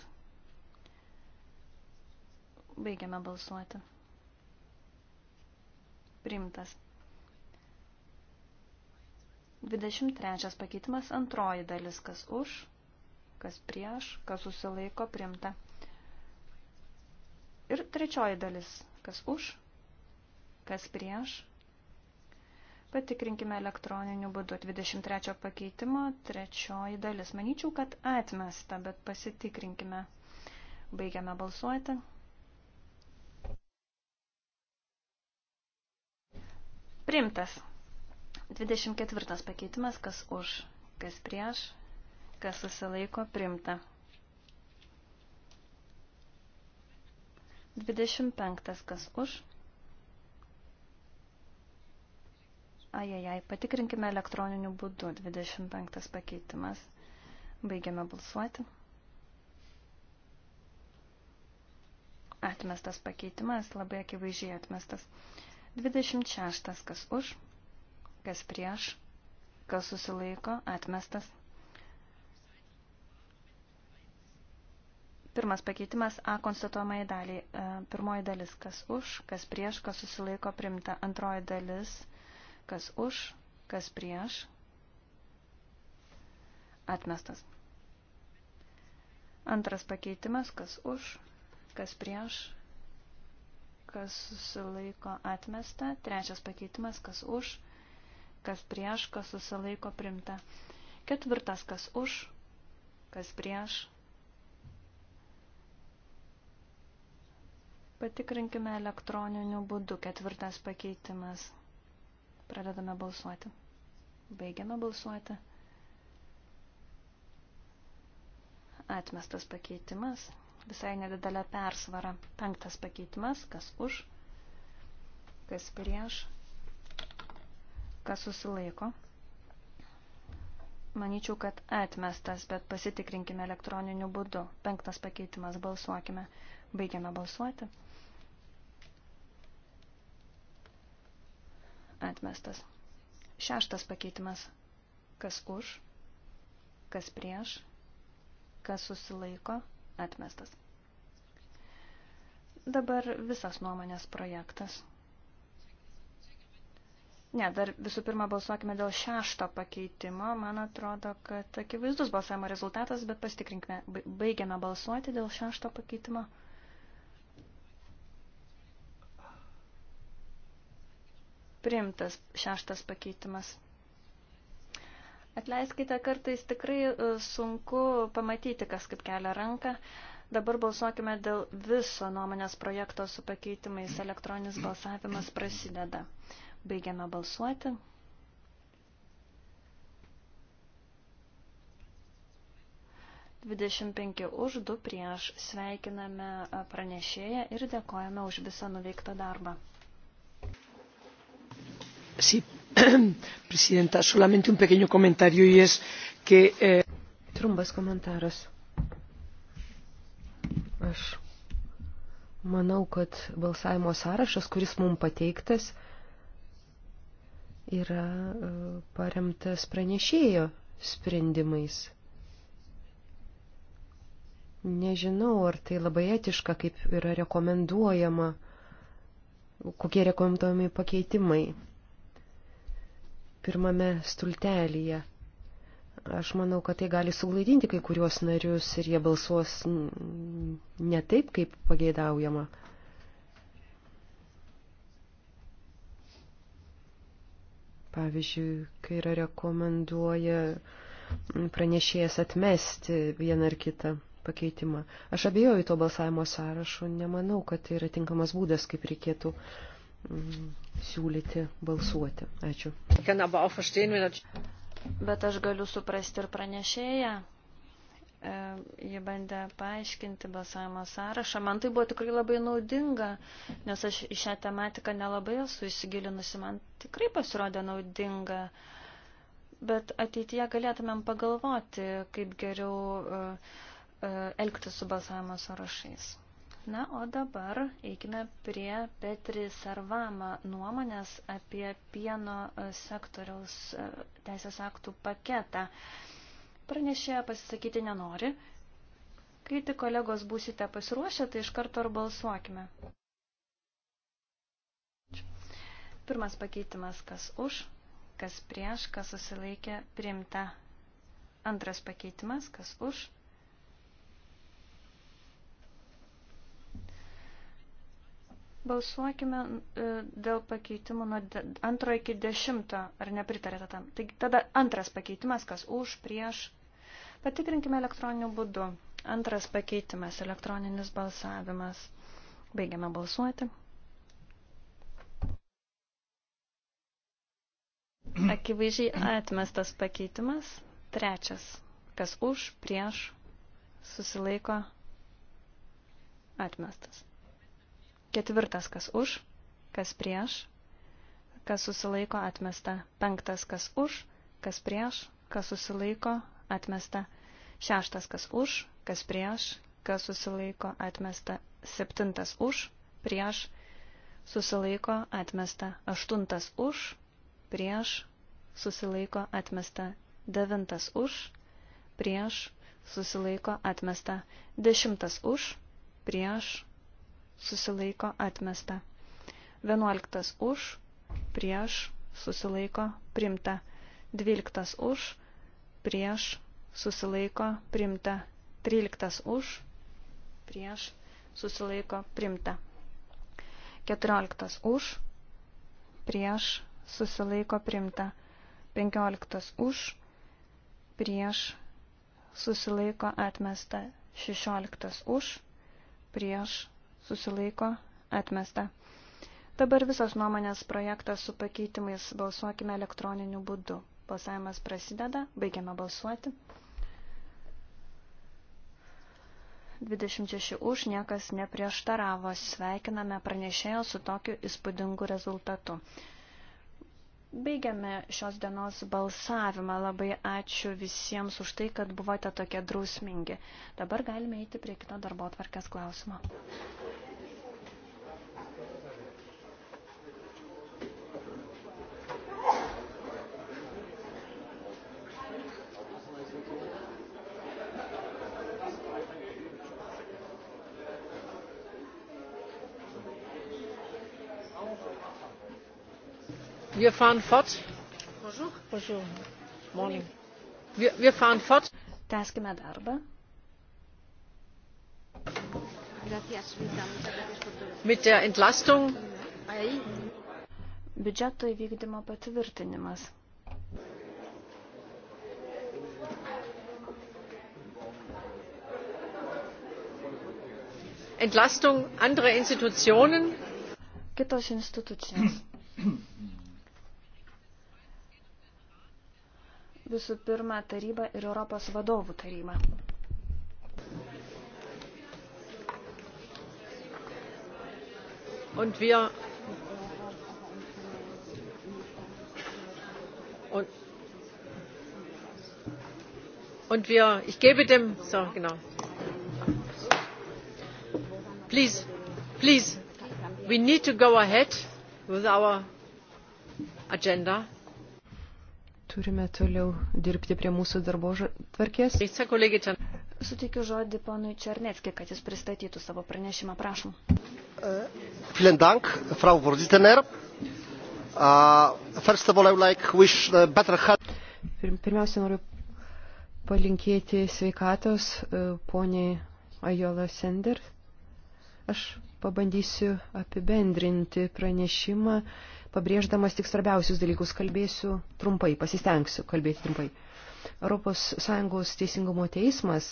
Baigiame balsuoti. Primtas. 23 pakeitimas, antroji dalis, kas už, kas prieš, kas susilaiko, primta. Ir trečioji dalis, kas už, kas prieš. Patikrinkime elektroniniu būdu 23 pakeitimo, trečioji dalis. Manyčiau, kad atmesta, bet pasitikrinkime. Baigiame balsuoti. Primtas. 24 pakeitimas, kas už, kas prieš, kas susilaiko, primta. 25. Kas už? Ajajai, patikrinkime elektroniniu būdu. 25. pakeitimas. Baigiame balsuoti. Atmestas pakeitimas, labai akivaizdžiai atmestas. 26. Kas už? Kas prieš? Kas susilaiko? Atmestas. Pirmas pakeitimas A konstatuojamai daliai. E, pirmoji dalis, kas už, kas prieš, kas susilaiko primta. Antroji dalis, kas už, kas prieš. Atmestas. Antras pakeitimas, kas už, kas prieš, kas susilaiko atmesta. Trečias pakeitimas, kas už, kas prieš, kas susilaiko primta. Ketvirtas, kas už, kas prieš, Patikrinkime elektroniniu būdu. Ketvirtas pakeitimas. Pradedame balsuoti. Baigiame balsuoti. Atmestas pakeitimas. Visai nedidelė persvara. Penktas pakeitimas. Kas už? Kas prieš? Kas susilaiko? Manyčiau, kad atmestas, bet pasitikrinkime elektroniniu būdu. Penktas pakeitimas. Balsuokime. Baigiame balsuoti. atmestas. Šeštas pakeitimas. Kas už, kas prieš, kas susilaiko, atmestas. Dabar visas nuomonės projektas. Ne, dar visų pirma balsuokime dėl šešto pakeitimo. Man atrodo, kad akivaizdus balsavimo rezultatas, bet pastikrinkime. Baigiame balsuoti dėl šešto pakeitimo. Priimtas šeštas pakeitimas. Atleiskite, kartais tikrai e, sunku pamatyti, kas kaip kelia ranką. Dabar balsuokime dėl viso nuomonės projekto su pakeitimais. Elektroninis balsavimas prasideda. Baigiame balsuoti. Dvidešimt penki už, du prieš. Sveikiname pranešėją ir dėkojame už visą nuveiktą darbą señora presidenta solamente un pequeño comentario y es que. Eh... trumpas komentaras. Aš manau, kad balsavimo sąrašas, kuris mums pateiktas, yra e, paremtas pranešėjo sprendimais. Nežinau, ar tai labai etiška, kaip yra rekomenduojama, kokie rekomenduojami pakeitimai pirmame stultelyje. Aš manau, kad tai gali suglaidinti kai kuriuos narius ir jie balsuos ne taip, kaip pageidaujama. Pavyzdžiui, kai yra rekomenduoja pranešėjas atmesti vieną ar kitą pakeitimą. Aš abejoju to balsavimo sąrašu, nemanau, kad tai yra tinkamas būdas, kaip reikėtų uh, siūlyti balsuoti. Ačiū. Er- Bet aš galiu suprasti ir pranešėją. E, Jie bandė paaiškinti balsavimo sąrašą. Man tai buvo tikrai labai naudinga, nes aš į šią tematiką nelabai esu įsigilinusi. Man tikrai pasirodė naudinga. Bet ateityje galėtumėm pagalvoti, kaip geriau e, e, elgti su balsavimo sąrašais. Na, o dabar eikime prie Petri Sarvama nuomonės apie pieno sektoriaus e, teisės aktų paketą. Pranešė pasisakyti nenori. Kai tik kolegos būsite pasiruošę, tai iš karto ir balsuokime. Pirmas pakeitimas, kas už, kas prieš, kas susilaikė, priimta. Antras pakeitimas, kas už, Balsuokime e, dėl pakeitimų nuo antro iki dešimto, ar nepritarėte tam. Taigi tada antras pakeitimas, kas už, prieš. Patikrinkime elektroniniu būdu. Antras pakeitimas, elektroninis balsavimas. Baigiame balsuoti. Akivaizdžiai atmestas pakeitimas. Trečias. Kas už, prieš, susilaiko, atmestas. Ketvirtas, kas už, kas prieš, kas susilaiko atmesta. Penktas, kas už, kas prieš, kas susilaiko atmesta. Šeštas, kas už, kas prieš, kas susilaiko atmesta. Septintas už, prieš, susilaiko atmesta. Aštuntas už, prieš, susilaiko atmesta. Devintas už, prieš, susilaiko atmesta. Dešimtas už, prieš, susilaiko atmesta. 11 už, prieš, susilaiko primta. 12 už, prieš, susilaiko primta. 13 už, prieš, susilaiko primta. 14 už, prieš, susilaiko primta. 15 už, prieš, susilaiko atmesta. 16 už, prieš, susilaiko, atmesta. Dabar visos nuomonės projektas su pakeitimais balsuokime elektroniniu būdu. Balsavimas prasideda, baigiame balsuoti. 26 už niekas neprieštaravo, sveikiname pranešėjo su tokiu įspūdingu rezultatu. Baigiame šios dienos balsavimą. Labai ačiū visiems už tai, kad buvote tokie drausmingi. Dabar galime eiti prie kito darbo tvarkės klausimo. Wir fahren fort. Bonjour. Bonjour. Morning. Wir, wir fahren fort. Tęskime darbą. Mit der Entlastung. Biudžeto įvykdymo patvirtinimas. Entlastung anderer Institutionen. Kitos institucijos. Visų pirma, taryba ir Europos vadovų taryba. Und wir und, und wir ich gebe dem so genau please please we need to go ahead with our agenda. Turime toliau dirbti prie mūsų darbo tvarkės. Tai Suteikiu žodį ponui Černetskį, kad jis pristatytų savo pranešimą. Prašom. Eh, vielen Dank, Frau Vorsitzender. Eh, first of all, I would like wish eh, better health. Pirmiausia, noriu palinkėti sveikatos poniai Ajola Sender. Aš pabandysiu apibendrinti pranešimą pabrėždamas tik svarbiausius dalykus. Kalbėsiu trumpai, pasistengsiu kalbėti trumpai. Europos Sąjungos teisingumo teismas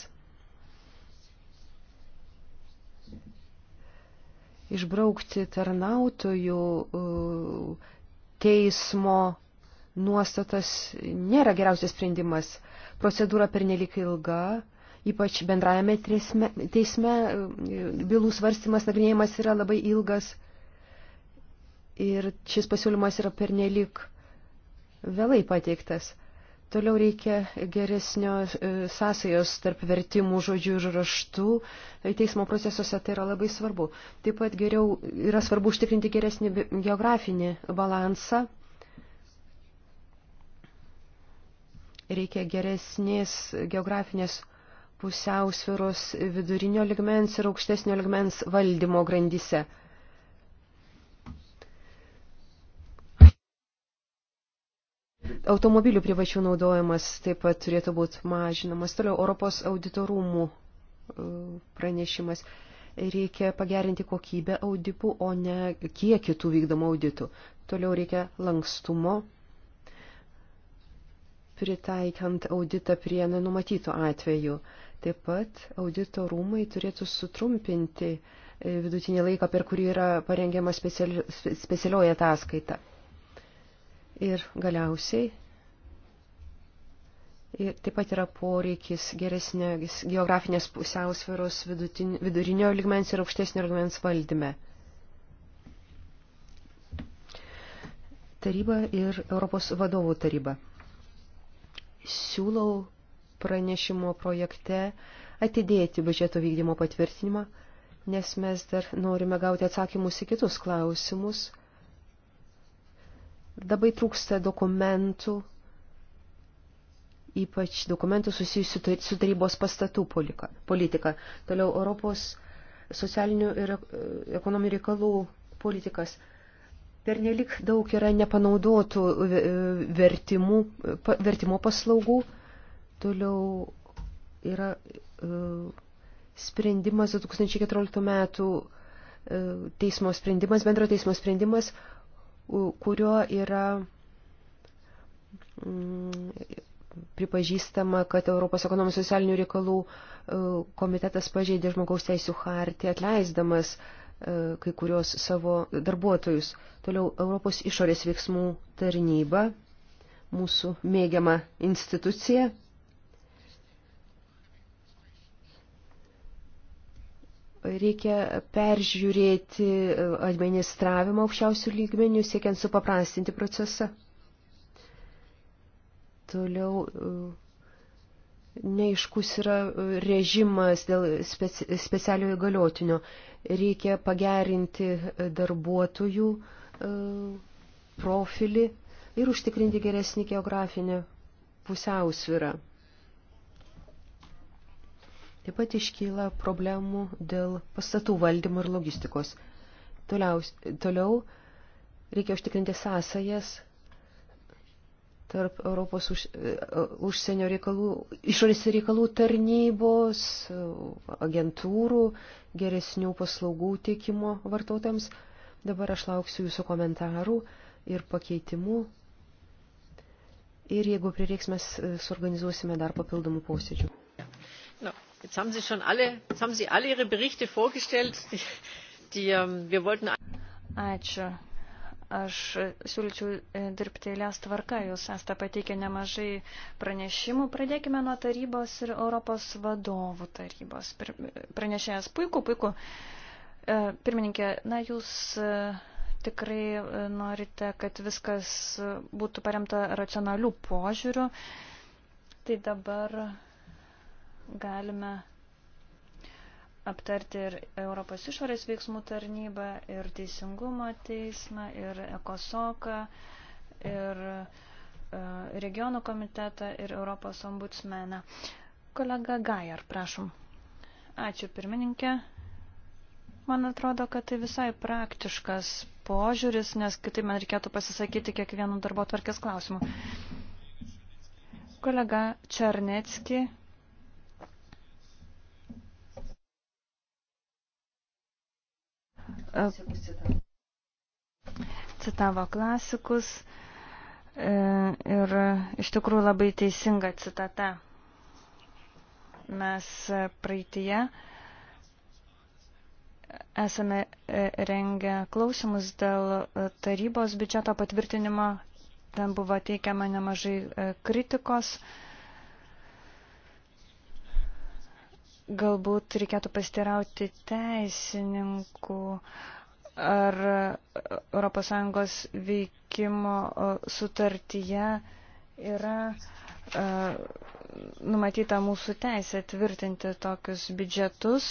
išbraukti tarnautojų uh, teismo nuostatas nėra geriausias sprendimas. Procedūra pernelik ilga, ypač bendrajame teisme, teisme uh, bylų svarstymas, nagrinėjimas yra labai ilgas ir šis pasiūlymas yra pernelyg vėlai pateiktas. Toliau reikia geresnio e, sąsajos tarp vertimų žodžių ir raštų. E, teismo procesuose tai yra labai svarbu. Taip pat geriau yra svarbu užtikrinti geresnį geografinį balansą. Reikia geresnės geografinės pusiausviros vidurinio ligmens ir aukštesnio ligmens valdymo grandise. Automobilių privačių naudojimas taip pat turėtų būti mažinamas. Toliau Europos auditorumų e, pranešimas. Reikia pagerinti kokybę auditų, o ne kiekį tų vykdomų auditų. Toliau reikia lankstumo, pritaikant auditą prie nenumatyto atveju. Taip pat audito rūmai turėtų sutrumpinti e, vidutinį laiką, per kurį yra parengiama speciali, specialioji ataskaita. Ir galiausiai ir taip pat yra poreikis geresnės geografinės pusiausvėros vidurinio ligmens ir aukštesnio ligmens valdyme. Taryba ir Europos vadovų taryba. Siūlau pranešimo projekte atidėti biudžeto vykdymo patvirtinimą, nes mes dar norime gauti atsakymus į kitus klausimus – Dabai trūksta dokumentų, ypač dokumentų susijusių su tarybos pastatų politika. Toliau Europos socialinių ir e, ekonominių reikalų politikas. Pernelik daug yra nepanaudotų e, vertimų, vertimo paslaugų. Toliau yra e, sprendimas 2014 metų teismo sprendimas, bendro teismo sprendimas, kurio yra mm, pripažįstama, kad Europos ekonomijos socialinių reikalų e, komitetas pažeidė žmogaus teisų hartį, atleisdamas e, kai kurios savo darbuotojus. Toliau Europos išorės veiksmų tarnyba, mūsų mėgiama institucija, reikia peržiūrėti e, administravimą aukščiausių lygmenių, siekiant supaprastinti procesą. Toliau e, neiškus yra e, režimas dėl speci specialiojo galiotinio. Reikia pagerinti darbuotojų profilį ir užtikrinti geresnį geografinį pusiausvyrą. Taip pat iškyla problemų dėl pastatų valdymo ir logistikos. Toliaus, toliau reikia užtikrinti sąsajas tarp Europos už, e, užsienio reikalų, išorės reikalų tarnybos, agentūrų, geresnių paslaugų teikimo vartotojams. Dabar aš lauksiu jūsų komentarų ir pakeitimų. Ir jeigu prireiks, mes e, suorganizuosime dar papildomų posėdžių. No. Jetzt haben Sie schon alle, jetzt haben Sie alle Ihre Berichte vorgestellt, die, die ähm, wir wollten. Ačiū. Aš siūlyčiau e, dirbti eilės tvarka. Jūs esate pateikę nemažai pranešimų. Pradėkime nuo tarybos ir Europos vadovų tarybos. Pranešėjas puiku, puiku. E, pirmininkė, na jūs e, tikrai norite, kad viskas būtų paremta racionalių požiūrių. Tai dabar galime aptarti ir Europos išorės veiksmų tarnybą, ir teisingumo teismą, ir ekosoką, ir e, regionų komitetą, ir Europos ombudsmeną. Kolega Gajar, prašom. Ačiū pirmininkė. Man atrodo, kad tai visai praktiškas požiūris, nes kitaip man reikėtų pasisakyti kiekvienų darbo tvarkės klausimų. Kolega Černecki citavo klasikus e, ir iš tikrųjų labai teisinga citata. Mes praeitie esame e, rengę klausimus dėl e, tarybos biudžeto patvirtinimo. Ten buvo teikiama nemažai kritikos. Galbūt reikėtų pastirauti teisininkų ar ES veikimo sutartyje yra e, numatyta mūsų teisė tvirtinti tokius biudžetus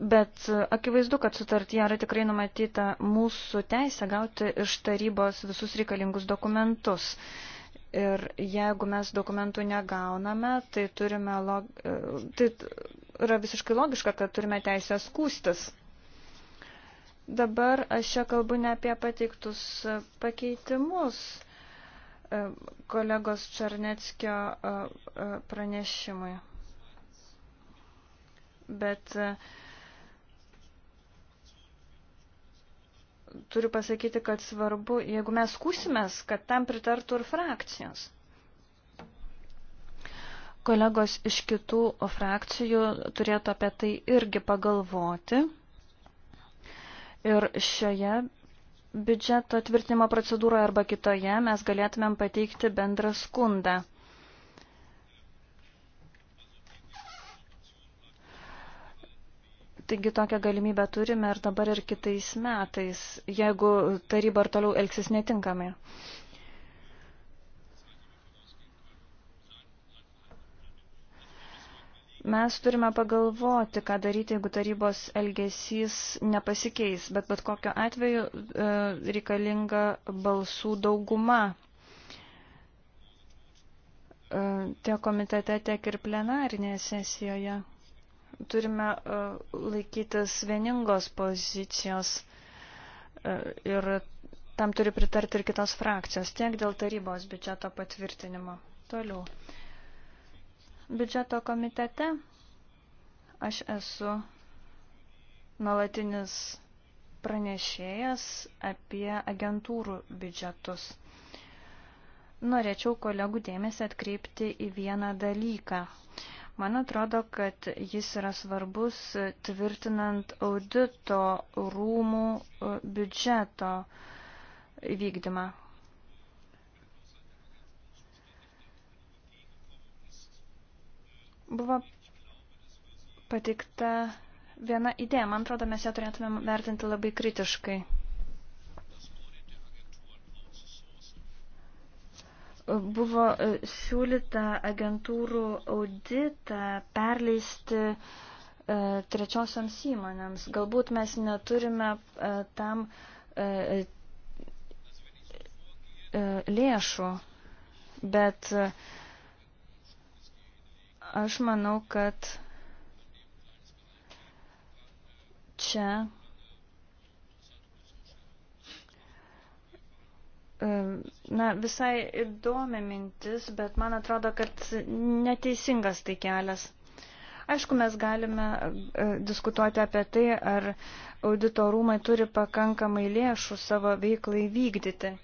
Bet akivaizdu, kad sutartyje yra tikrai numatyta mūsų teisė gauti iš tarybos visus reikalingus dokumentus. Ir jeigu mes dokumentų negauname, tai, turime log... tai yra visiškai logiška, kad turime teisę skūstis. Dabar aš čia kalbu ne apie pateiktus pakeitimus kolegos Čarneckio e, e, pranešimui. Bet uh, turiu pasakyti, kad svarbu, jeigu mes skūsimės, kad tam pritartų ir frakcijos. Kolegos iš kitų frakcijų turėtų apie tai irgi pagalvoti. Ir šioje biudžeto tvirtinimo procedūroje arba kitoje mes galėtumėm pateikti bendrą skundą. Taigi tokią galimybę turime ir dabar ir kitais metais, jeigu taryba ir toliau elgsis netinkamai. Mes turime pagalvoti, ką daryti, jeigu tarybos elgesys nepasikeis, bet bet kokiu atveju e, reikalinga balsų dauguma. E, tiek komitete, tiek ir plenarinėje sesijoje turime e, laikytis vieningos pozicijos e, ir tam turi pritarti ir kitos frakcijos, tiek dėl tarybos biudžeto patvirtinimo. Toliau. Biudžeto komitete aš esu nuolatinis pranešėjas apie agentūrų biudžetus. Norėčiau kolegų dėmesį atkreipti į vieną dalyką. Uh, Man atrodo, kad jis yra svarbus tvirtinant audito rūmų e, biudžeto įvykdymą. Buvo pateikta viena idėja, man atrodo, mes ją turėtume vertinti labai kritiškai. buvo e, siūlyta agentūrų auditą perleisti e, trečiosiams įmonėms. Galbūt mes neturime e, tam lėšų, bet aš manau, kad čia Na, visai įdomi mintis, bet man atrodo, kad neteisingas tai kelias. Aišku, mes galime e, diskutuoti apie tai, ar auditorumai turi pakankamai lėšų savo veiklai vykdyti.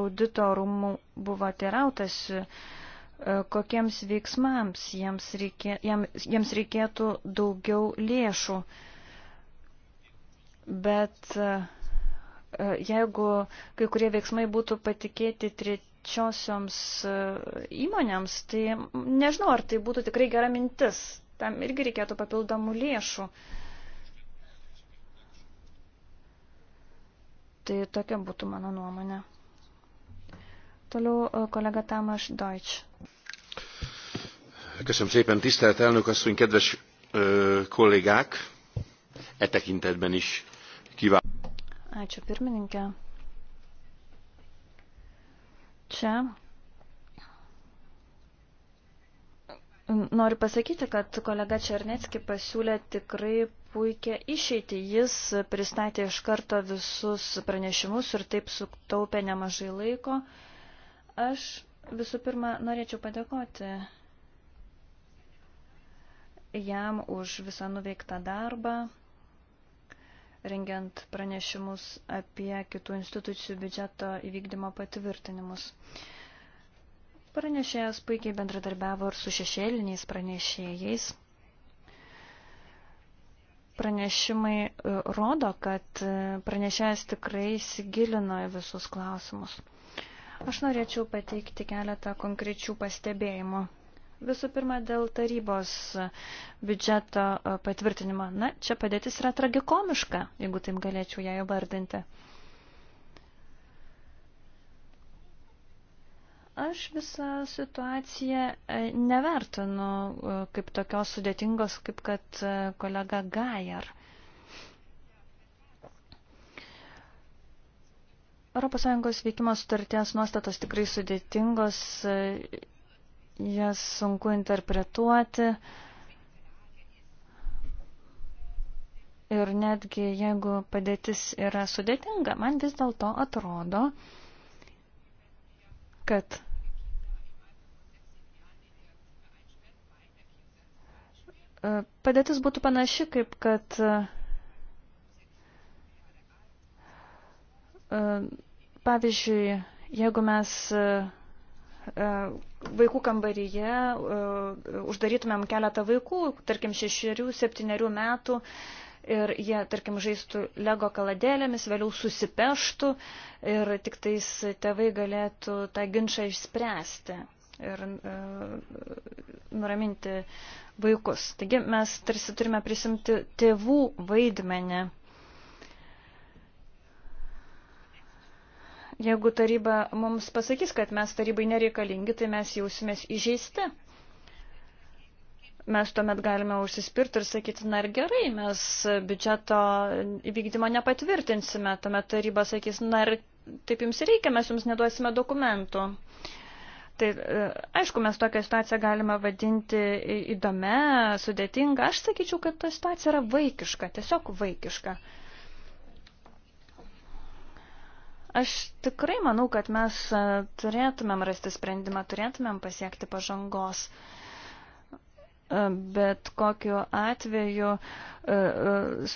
Auditorumų buvo terautasi e, kokiems veiksmams jiems, reikė, jiems, jiems reikėtų daugiau lėšų bet e, e, jeigu kai kurie veiksmai būtų patikėti trečiosioms e, įmonėms, tai nežinau, ar tai būtų tikrai gera mintis. Tam irgi reikėtų papildomų lėšų. Tai tokia būtų mano nuomonė. Toliau kollega Tamas Deutsch. Köszönöm szépen, tisztelt elnök asszony, kedves ö, kollégák! E tekintetben is direktyva. Ačiū pirmininkė. Čia Noriu pasakyti, kad kolega Černecki pasiūlė tikrai puikia išeitį. Jis pristatė iš karto visus pranešimus ir taip sutaupė nemažai laiko. Aš visų pirma norėčiau padėkoti jam už visą nuveiktą darbą rengiant pranešimus apie kitų institucijų biudžeto įvykdymo patvirtinimus. Pranešėjas puikiai bendradarbiavo ir su šešėliniais pranešėjais. Pranešimai e, rodo, kad e, pranešėjas tikrai įsigilino į visus klausimus. Aš norėčiau pateikti keletą konkrečių pastebėjimų. Visų pirma, dėl tarybos biudžeto e, patvirtinimo. Na, čia padėtis yra tragikomiška, jeigu taip galėčiau ją įvardinti. Aš visą situaciją e, nevertinu e, kaip tokios sudėtingos, kaip kad kolega Gajar. ES veikimo sutarties nuostatos tikrai sudėtingos jas sunku interpretuoti. Ir netgi jeigu padėtis yra sudėtinga, man vis dėlto atrodo, kad padėtis būtų panaši, kaip kad e, pavyzdžiui, jeigu mes e, E, vaikų kambaryje e, uždarytumėm keletą vaikų, tarkim šešerių, septyniarių metų, ir jie, tarkim, žaistų lego kaladėlėmis, vėliau susipeštų ir tik tais tėvai galėtų tą ginčą išspręsti ir e, nuraminti vaikus. Taigi mes tarsi turime prisimti tėvų vaidmenį Jeigu taryba mums pasakys, kad mes tarybai nereikalingi, tai mes jausimės įžeisti. Mes tuomet galime užsispirti ir sakyti, na ir gerai, mes biudžeto įvykdymo nepatvirtinsime. Tuomet taryba sakys, na ir taip jums reikia, mes jums neduosime dokumentų. Tai e, aišku, mes tokią situaciją galime vadinti įdomią, sudėtingą. Aš sakyčiau, kad ta situacija yra vaikiška, tiesiog vaikiška. Uh, Aš tikrai manau, kad mes e, turėtumėm rasti sprendimą, turėtumėm pasiekti pažangos. E, bet kokiu atveju e,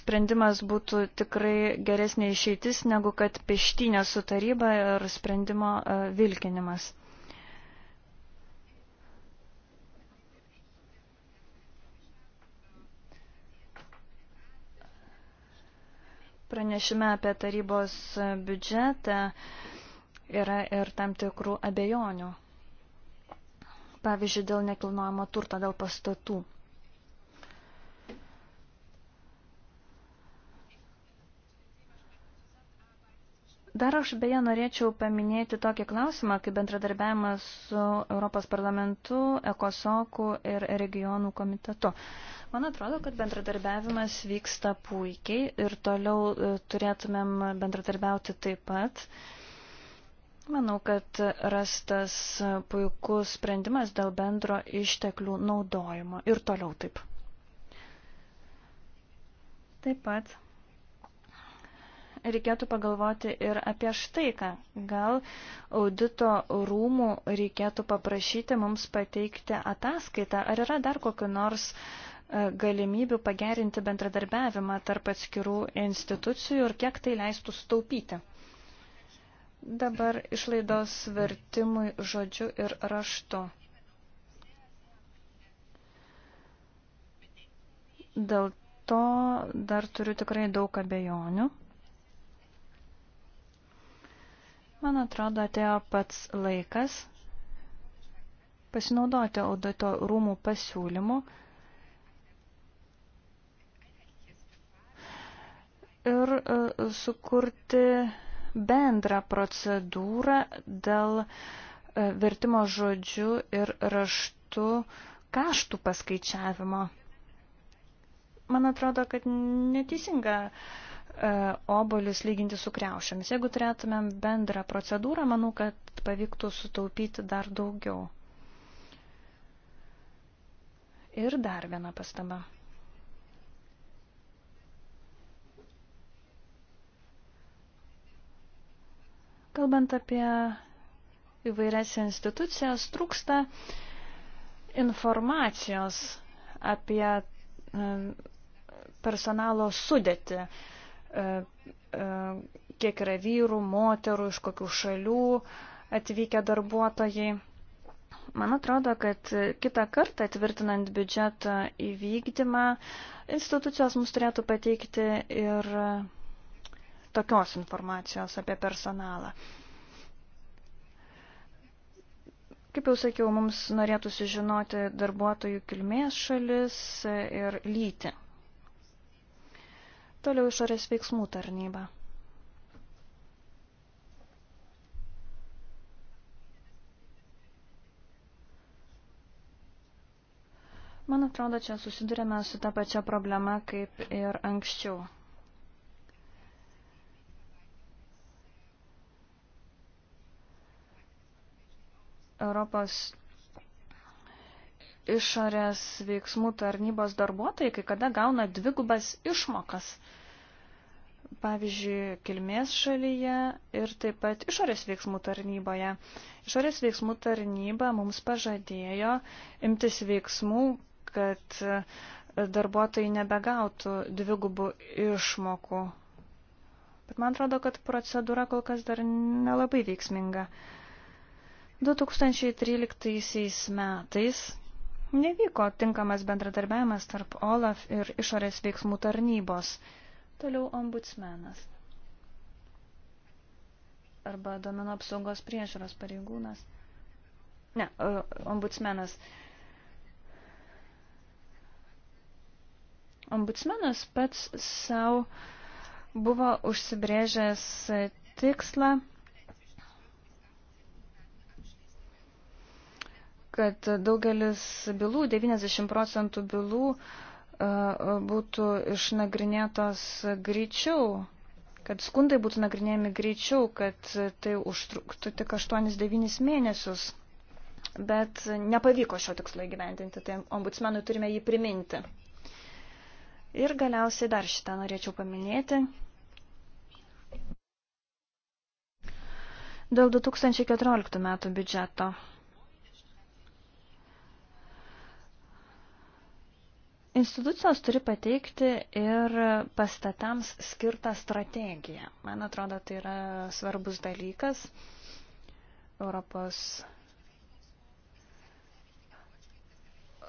sprendimas būtų tikrai geresnė išeitis negu kad peštinė su taryba ir sprendimo vilkinimas. pranešime apie tarybos biudžetą yra ir tam tikrų abejonių. Pavyzdžiui, dėl nekilnojamo turto, dėl pastatų. Dar aš beje norėčiau paminėti tokį klausimą, kaip bendradarbiavimas su Europos parlamentu, ekosoku ir regionų komitetu. Uh, Man atrodo, kad bendradarbiavimas vyksta puikiai ir toliau e, turėtumėm bendradarbiauti taip pat. Manau, kad rastas puikus sprendimas dėl bendro išteklių naudojimo ir toliau taip. Taip pat reikėtų pagalvoti ir apie štai ką. Gal audito rūmų reikėtų paprašyti mums pateikti ataskaitą, ar yra dar kokiu nors E, galimybių pagerinti bendradarbiavimą tarp atskirų institucijų ir kiek tai leistų sutaupyti. Dabar išlaidos vertimui žodžiu ir raštu. Dėl to dar turiu tikrai daug abejonių. Man atrodo, atėjo pats laikas pasinaudoti audito rūmų pasiūlymu ir e, sukurti bendrą procedūrą dėl e, vertimo žodžiu ir raštu kaštų paskaičiavimo. Man atrodo, kad neteisinga e, obolius lyginti su kreušiamis. Jeigu turėtumėm bendrą procedūrą, manau, kad pavyktų sutaupyti dar daugiau. Ir dar viena pastaba. Kalbant apie įvairias institucijas, trūksta informacijos apie e, personalo sudėti, e, e, kiek yra vyrų, moterų, iš kokių šalių atvykę darbuotojai. Man atrodo, kad kitą kartą tvirtinant biudžetą įvykdymą, institucijos mums turėtų pateikti ir tokios informacijos apie personalą. Kaip jau sakiau, mums norėtųsi žinoti darbuotojų kilmės šalis ir lyti. Toliau išorės veiksmų tarnyba. Man atrodo, čia susidurėme su ta pačia problema kaip ir anksčiau. Europos išorės veiksmų tarnybos darbuotojai kai kada gauna dvigubas išmokas. Pavyzdžiui, kilmės šalyje ir taip pat išorės veiksmų tarnyboje. Išorės veiksmų tarnyba mums pažadėjo imtis veiksmų, kad darbuotojai nebegautų dvigubų išmokų. Bet man atrodo, kad procedūra kol kas dar nelabai veiksminga. Uh, 2013 metais nevyko tinkamas bendradarbiavimas tarp OLAF ir išorės veiksmų tarnybos. Toliau ombudsmenas arba domino apsaugos priežiūros pareigūnas. Ne, e, ombudsmenas. Ombudsmenas pats savo buvo užsibrėžęs tikslą kad daugelis bylų, 90 procentų bylų e, būtų išnagrinėtos greičiau, kad skundai būtų nagrinėjami greičiau, kad tai užtruktų tik 8-9 mėnesius. Bet nepavyko šio tikslo įgyvendinti, tai ombudsmenui turime jį priminti. Ir galiausiai dar šitą norėčiau paminėti. Dėl 2014 metų biudžeto. Institucijos turi pateikti ir pastatams skirtą strategiją. Man atrodo, tai yra svarbus dalykas. Europos e,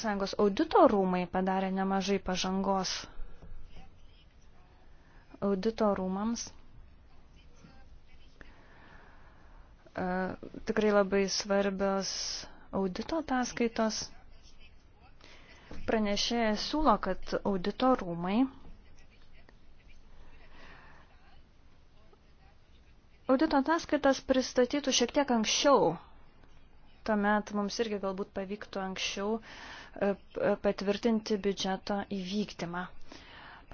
Sąjungos audito rūmai padarė nemažai pažangos audito rūmams. E, tikrai labai svarbios audito ataskaitos. Pranešėjas siūlo, kad auditorumai audito ataskaitas pristatytų šiek tiek anksčiau. Tuomet mums irgi galbūt pavyktų anksčiau e, patvirtinti biudžeto įvykdymą.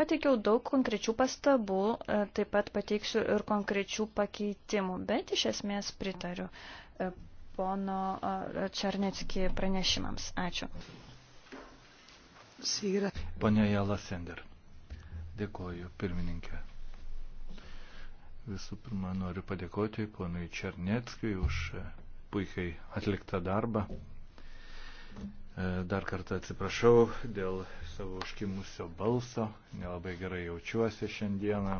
Pateikiau daug konkrečių pastabų, e, taip pat pateiksiu ir konkrečių pakeitimų, bet iš esmės pritariu e, pono Černetski pranešimams. Ačiū. Pane Jala Sender. Dėkoju, pirmininkė. Visų pirma, noriu padėkoti ponui Černetskijui už e, puikiai atliktą darbą. E, dar kartą atsiprašau dėl savo užkimusio balso, nelabai gerai jaučiuosi šiandieną.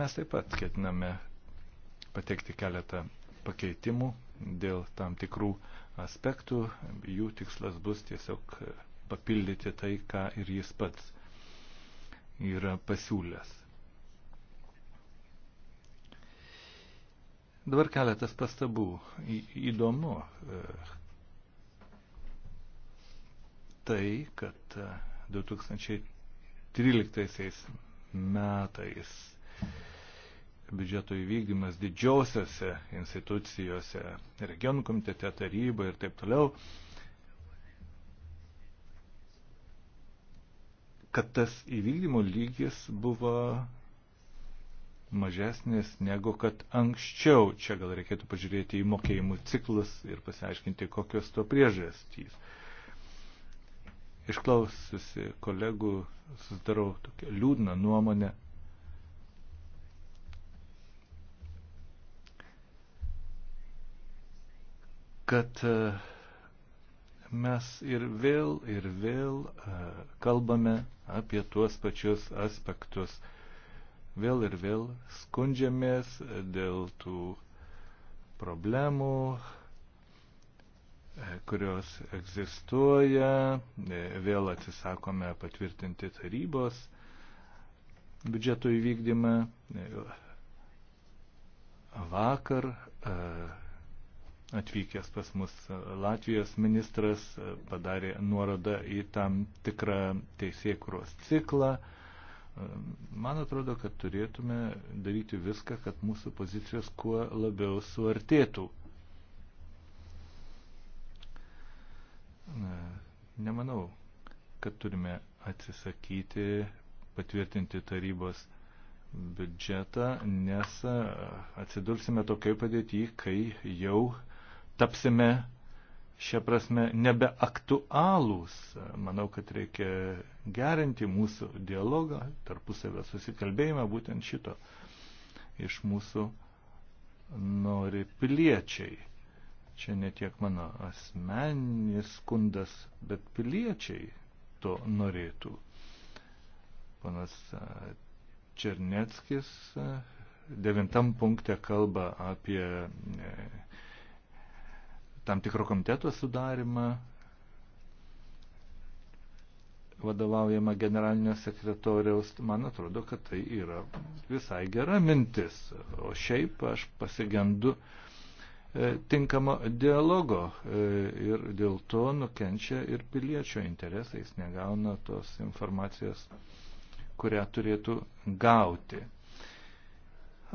Mes taip pat ketiname pateikti keletą pakeitimų dėl tam tikrų aspektų, jų tikslas bus tiesiog papildyti tai, ką ir jis pats yra pasiūlęs. Dabar keletas pastabų. Į, įdomu e, tai, kad 2013 e, metais biudžeto įvykdymas didžiausiose institucijose, regionų komitete, taryba ir taip toliau, kad tas įvykdymo lygis buvo mažesnis negu kad anksčiau. Čia gal reikėtų pažiūrėti į mokėjimų ciklus ir pasiaiškinti, kokios to priežastys. Išklaususi kolegų susidarau tokią liūdną nuomonę, kad e, mes ir vėl ir vėl e, kalbame apie tuos pačius aspektus. Vėl ir vėl skundžiamės dėl tų problemų, e, kurios egzistuoja, vėl atsisakome patvirtinti tarybos biudžeto įvykdymą. Vakar atvykęs pas mus e, Latvijos ministras e, padarė nuorodą į tam tikrą teisėkuros ciklą. E, man atrodo, kad turėtume daryti viską, kad mūsų pozicijos kuo labiau suartėtų. Nemanau, kad turime atsisakyti patvirtinti tarybos biudžetą, nes atsidursime tokiai padėtyje, kai jau uh, tapsime šią prasme nebeaktualūs. Manau, kad reikia gerinti mūsų dialogą, tarpusavę susikalbėjimą, būtent šito iš mūsų nori piliečiai. Čia ne tiek mano asmeninis skundas, bet piliečiai to norėtų. Panas Černeckis devintam punkte kalba apie tam tikro komiteto sudarimą vadovaujama generalinio sekretoriaus, man atrodo, kad tai yra visai gera mintis. O šiaip aš pasigendu e, tinkamo dialogo e, ir dėl to nukenčia ir piliečio interesais, negauna tos informacijos, kurią turėtų gauti.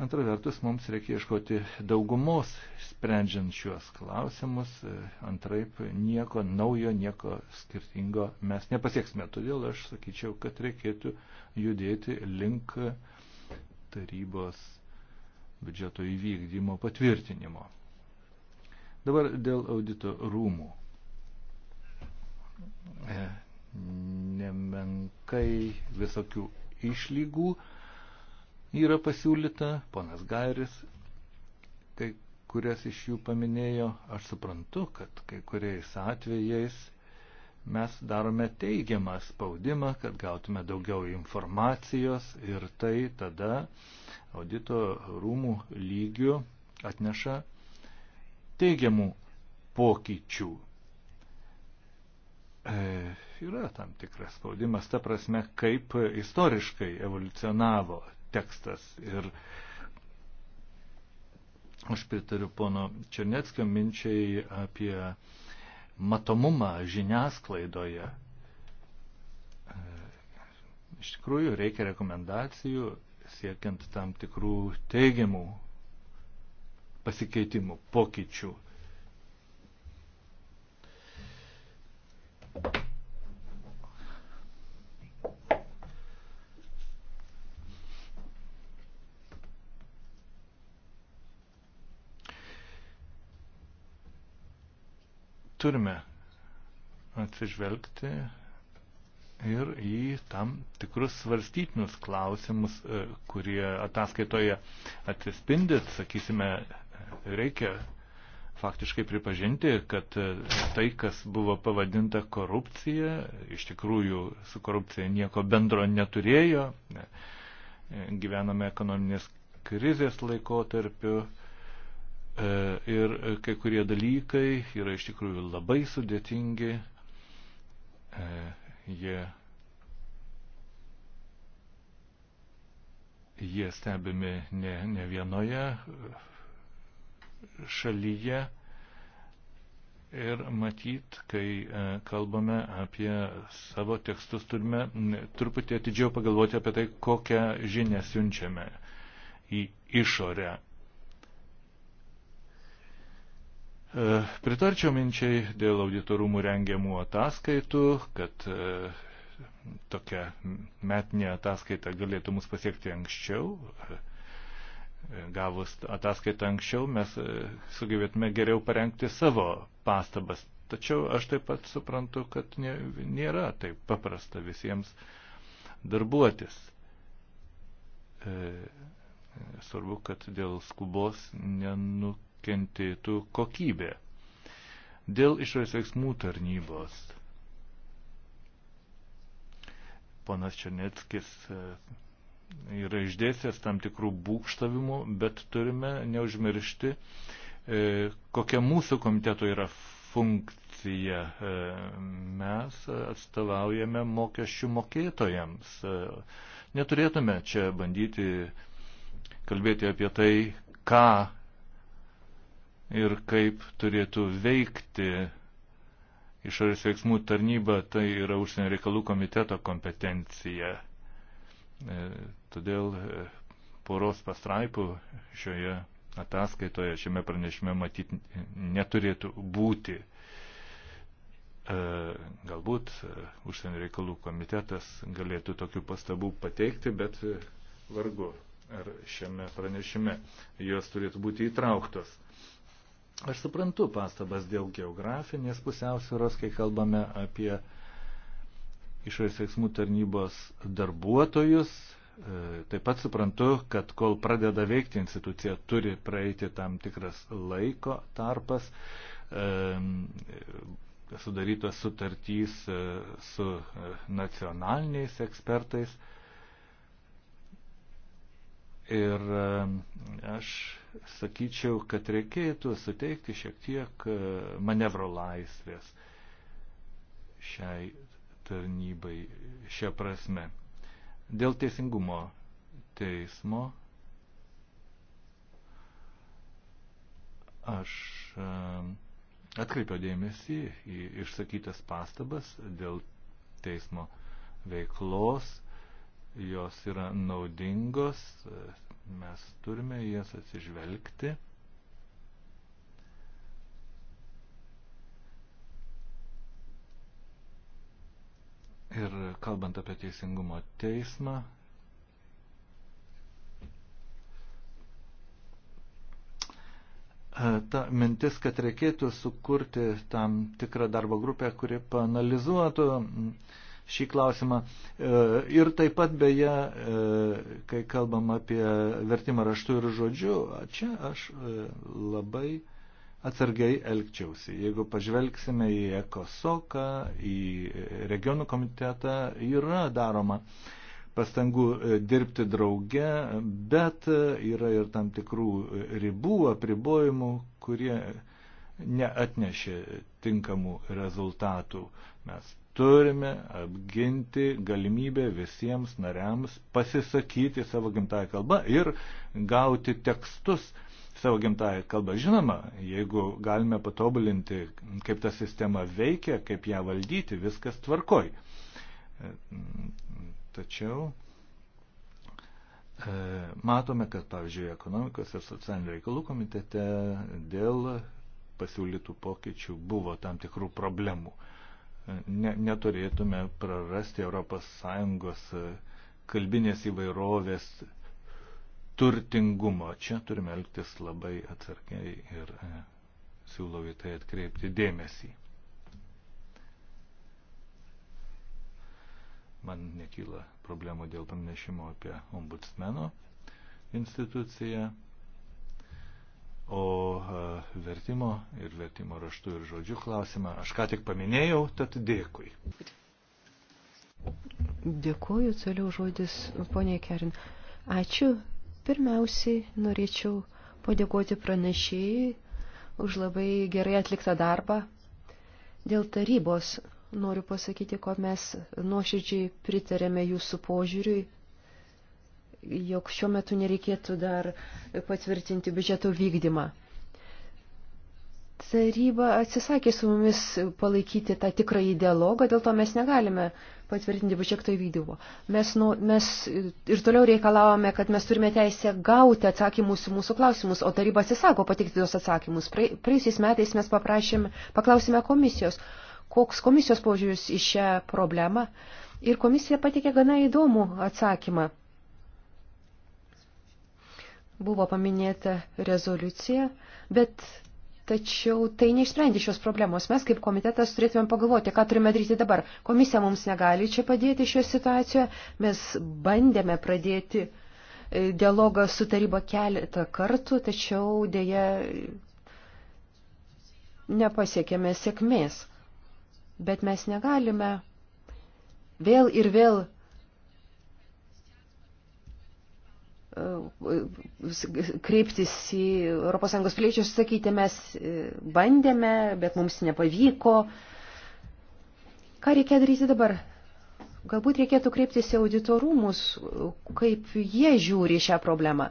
Antra vertus, mums reikia ieškoti daugumos sprendžiant šiuos klausimus, antraip nieko naujo, nieko skirtingo mes nepasieksime. Todėl aš sakyčiau, kad reikėtų judėti link tarybos biudžeto įvykdymo patvirtinimo. Dabar dėl audito rūmų. E, nemenkai visokių išlygų. E, yra pasiūlyta, ponas Gairis kai kurias iš jų paminėjo. Aš suprantu, kad kai kuriais atvejais mes darome teigiamą spaudimą, kad gautume daugiau informacijos ir tai tada audito rūmų lygių atneša teigiamų pokyčių. E, yra tam tikras spaudimas, ta prasme, kaip istoriškai evoliucionavo tekstas. Ir aš pritariu pono Černetskio minčiai apie matomumą žiniasklaidoje. Iš tikrųjų, reikia rekomendacijų siekiant tam tikrų teigiamų pasikeitimų, pokyčių. Thank you. turime atsižvelgti ir į tam tikrus svarstytinius klausimus, e, kurie ataskaitoje atsispindit, sakysime, reikia faktiškai pripažinti, kad e, tai, kas buvo pavadinta korupcija, iš tikrųjų su korupcija nieko bendro neturėjo. E, gyvename ekonominės krizės laikotarpiu E, ir kai kurie dalykai yra iš tikrųjų labai sudėtingi. E, jie, jie stebimi ne, ne vienoje šalyje. Ir matyt, kai e, kalbame apie savo tekstus, turime truputį atidžiau pagalvoti apie tai, kokią žinią siunčiame į išorę E, pritarčiau minčiai dėl auditorumų rengiamų ataskaitų, kad e, tokia metinė ataskaita galėtų mus pasiekti anksčiau. E, gavus ataskaitą anksčiau mes sugebėtume geriau parengti savo pastabas. Tačiau aš taip pat suprantu, kad nėra taip paprasta visiems darbuotis. Svarbu, kad dėl skubos nenukentėtų kentėtų kokybė. Dėl išorės veiksmų tarnybos. Ponas Černeckis e, yra išdėstęs tam tikrų būkštavimų, bet turime neužmiršti, e, kokia mūsų komiteto yra funkcija. E, mes atstovaujame mokesčių mokėtojams. Neturėtume čia bandyti kalbėti apie tai, ką ir kaip turėtų veikti išorės veiksmų tarnyba, tai yra užsienio reikalų komiteto kompetencija. E, todėl e, poros pastraipų šioje ataskaitoje, šiame pranešime matyti neturėtų būti. E, galbūt užsienio reikalų komitetas galėtų tokių pastabų pateikti, bet vargu ar šiame pranešime jos turėtų būti įtrauktos. Aš suprantu pastabas dėl geografinės pusiausvėros, kai kalbame apie išorės veiksmų tarnybos darbuotojus. E, taip pat suprantu, kad kol pradeda veikti institucija, turi praeiti tam tikras laiko tarpas. E, sudarytos sutartys e, su nacionaliniais ekspertais. Ir e, aš sakyčiau, kad reikėtų suteikti šiek tiek e, manevro laisvės šiai tarnybai šią prasme. Dėl teisingumo teismo aš e, atkreipiau dėmesį į išsakytas pastabas dėl teismo veiklos jos yra naudingos, mes turime jas atsižvelgti. Ir kalbant apie teisingumo teismą, ta mintis, kad reikėtų sukurti tam tikrą darbo grupę, kuri panalizuotų uh, šį klausimą. E, ir taip pat beje, e, kai kalbam apie vertimą raštu ir žodžiu, čia aš e, labai atsargiai elgčiausi. Jeigu pažvelgsime į ekosoką, į regionų komitetą, yra daroma pastangų dirbti drauge, bet yra ir tam tikrų ribų, apribojimų, kurie neatnešė tinkamų rezultatų. Mes turime apginti galimybę visiems nariams pasisakyti savo gimtają kalbą ir gauti tekstus savo gimtają kalbą. Žinoma, jeigu galime patobulinti, kaip ta sistema veikia, kaip ją valdyti, viskas tvarkoj. Tačiau e, matome, kad, pavyzdžiui, ekonomikos ir socialinių reikalų komitete dėl pasiūlytų pokyčių buvo tam tikrų problemų ne, neturėtume prarasti ES e, kalbinės įvairovės turtingumo. Čia turime elgtis labai atsargiai ir e, siūlau į tai atkreipti dėmesį. Man nekyla problemų dėl pranešimo apie ombudsmeno instituciją. O e, vertimo ir vertimo raštų ir žodžių klausimą aš ką tik paminėjau, tad dėkui. Dėkuoju, toliau žodis, ponė Kerin. Ačiū. Pirmiausiai norėčiau padėkoti pranešėjai už labai gerai atliktą darbą. Dėl tarybos noriu pasakyti, ko mes nuoširdžiai pritarėme jūsų požiūriui jog šiuo metu nereikėtų dar patvirtinti biudžeto vykdymą. Taryba atsisakė su mumis palaikyti tą tikrąjį dialogą, dėl to mes negalime patvirtinti biudžeto įvykdymo. Mes, nu, mes ir toliau reikalavome, kad mes turime teisę gauti atsakymus į mūsų klausimus, o taryba atsisako patikti tos atsakymus. Praėjusiais metais mes paprašėme, paklausėme komisijos, koks komisijos požiūris į šią problemą. Ir komisija patikė gana įdomų atsakymą. Buvo paminėta rezoliucija, bet tačiau tai neišsprendė šios problemos. Mes kaip komitetas turėtumėm pagalvoti, ką turime daryti dabar. Komisija mums negali čia padėti šioje situacijoje. Mes bandėme pradėti e, dialogą su taryba keletą kartų, tačiau dėja nepasiekėme sėkmės. Bet mes negalime vėl ir vėl kreiptis į ES piliečius, sakyti, mes e, bandėme, bet mums nepavyko. Ką reikia daryti dabar? Galbūt reikėtų kreiptis į auditorumus, kaip jie žiūri šią problemą.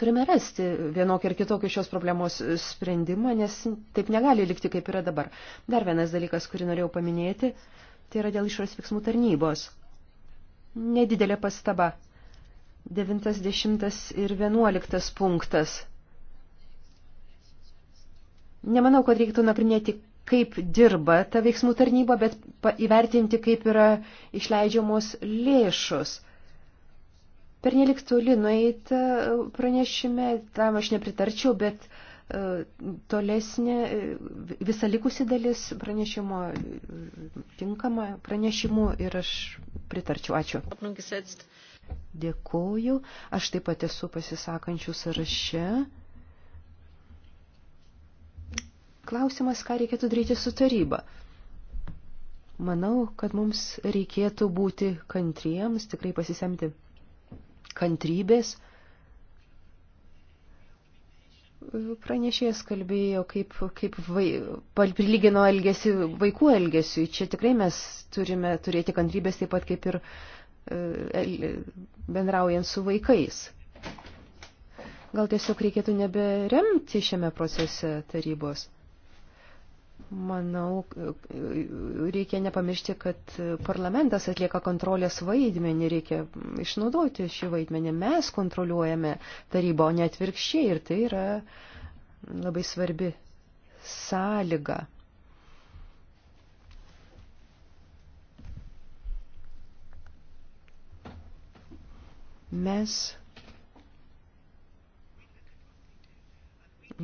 Turime rasti vienokį ir kitokį šios problemos sprendimą, nes taip negali likti, kaip yra dabar. Dar vienas dalykas, kurį norėjau paminėti, tai yra dėl išorės veiksmų tarnybos. Nedidelė pastaba 90 ir 11 punktas. Nemanau, kad reiktų nagrinėti, kaip dirba ta veiksmų tarnyba, bet įvertinti, kaip yra išleidžiamos lėšos. Per nelik toli nueitą pranešime, tam aš nepritarčiau, bet e, tolesnė e, visa likusi dalis pranešimo e, tinkama pranešimu ir aš pritarčiau. Ačiū. Dėkoju. Aš taip pat esu pasisakančių sąraše. Klausimas, ką reikėtų daryti su taryba. Manau, kad mums reikėtų būti kantriems, tikrai pasisemti kantrybės. Pranešėjas kalbėjo, kaip, kaip vai, prilygino elgesį vaikų elgesiui. Čia tikrai mes turime turėti kantrybės taip pat kaip ir uh, bendraujant su vaikais. Gal tiesiog reikėtų neberemti šiame procese tarybos. Manau, reikia nepamiršti, kad parlamentas atlieka kontrolės vaidmenį, reikia išnaudoti šį vaidmenį. Mes kontroliuojame tarybą, o ne atvirkščiai ir tai yra labai svarbi sąlyga Mes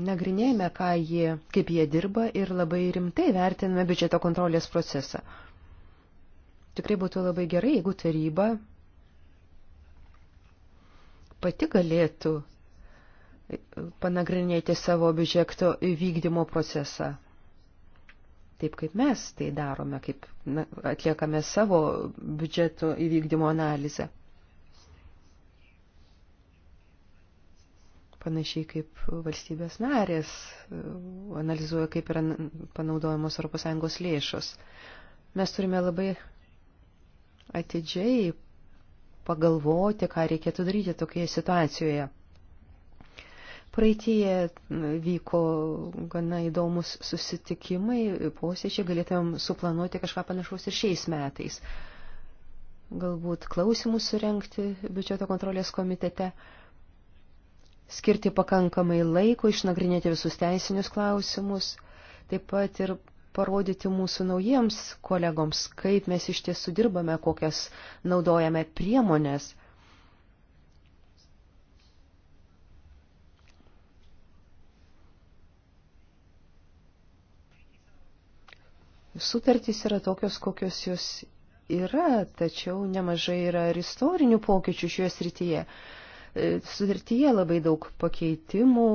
nagrinėjame, ką jie, kaip jie dirba ir labai rimtai vertiname biudžeto kontrolės procesą. Tikrai būtų labai gerai, jeigu taryba pati galėtų panagrinėti savo biudžeto vykdymo procesą. Taip kaip mes tai darome, kaip na, atliekame savo biudžeto įvykdymo analizę. panašiai kaip valstybės narės e, analizuoja, kaip yra panaudojamos ES lėšos. Mes turime labai atidžiai pagalvoti, ką reikėtų daryti tokioje situacijoje. Praeitie vyko gana įdomus susitikimai, posėčiai, galėtumėm suplanuoti kažką panašaus ir šiais metais. Galbūt klausimus surenkti biudžeto kontrolės komitete. Uh, skirti pakankamai laiko, išnagrinėti visus teisinius klausimus, taip pat ir parodyti mūsų naujiems kolegoms, kaip mes iš tiesų dirbame, kokias naudojame priemonės. Sutartys yra tokios, kokios jos yra, tačiau nemažai yra ir istorinių pokyčių šioje srityje. E, sutartyje labai daug pakeitimų,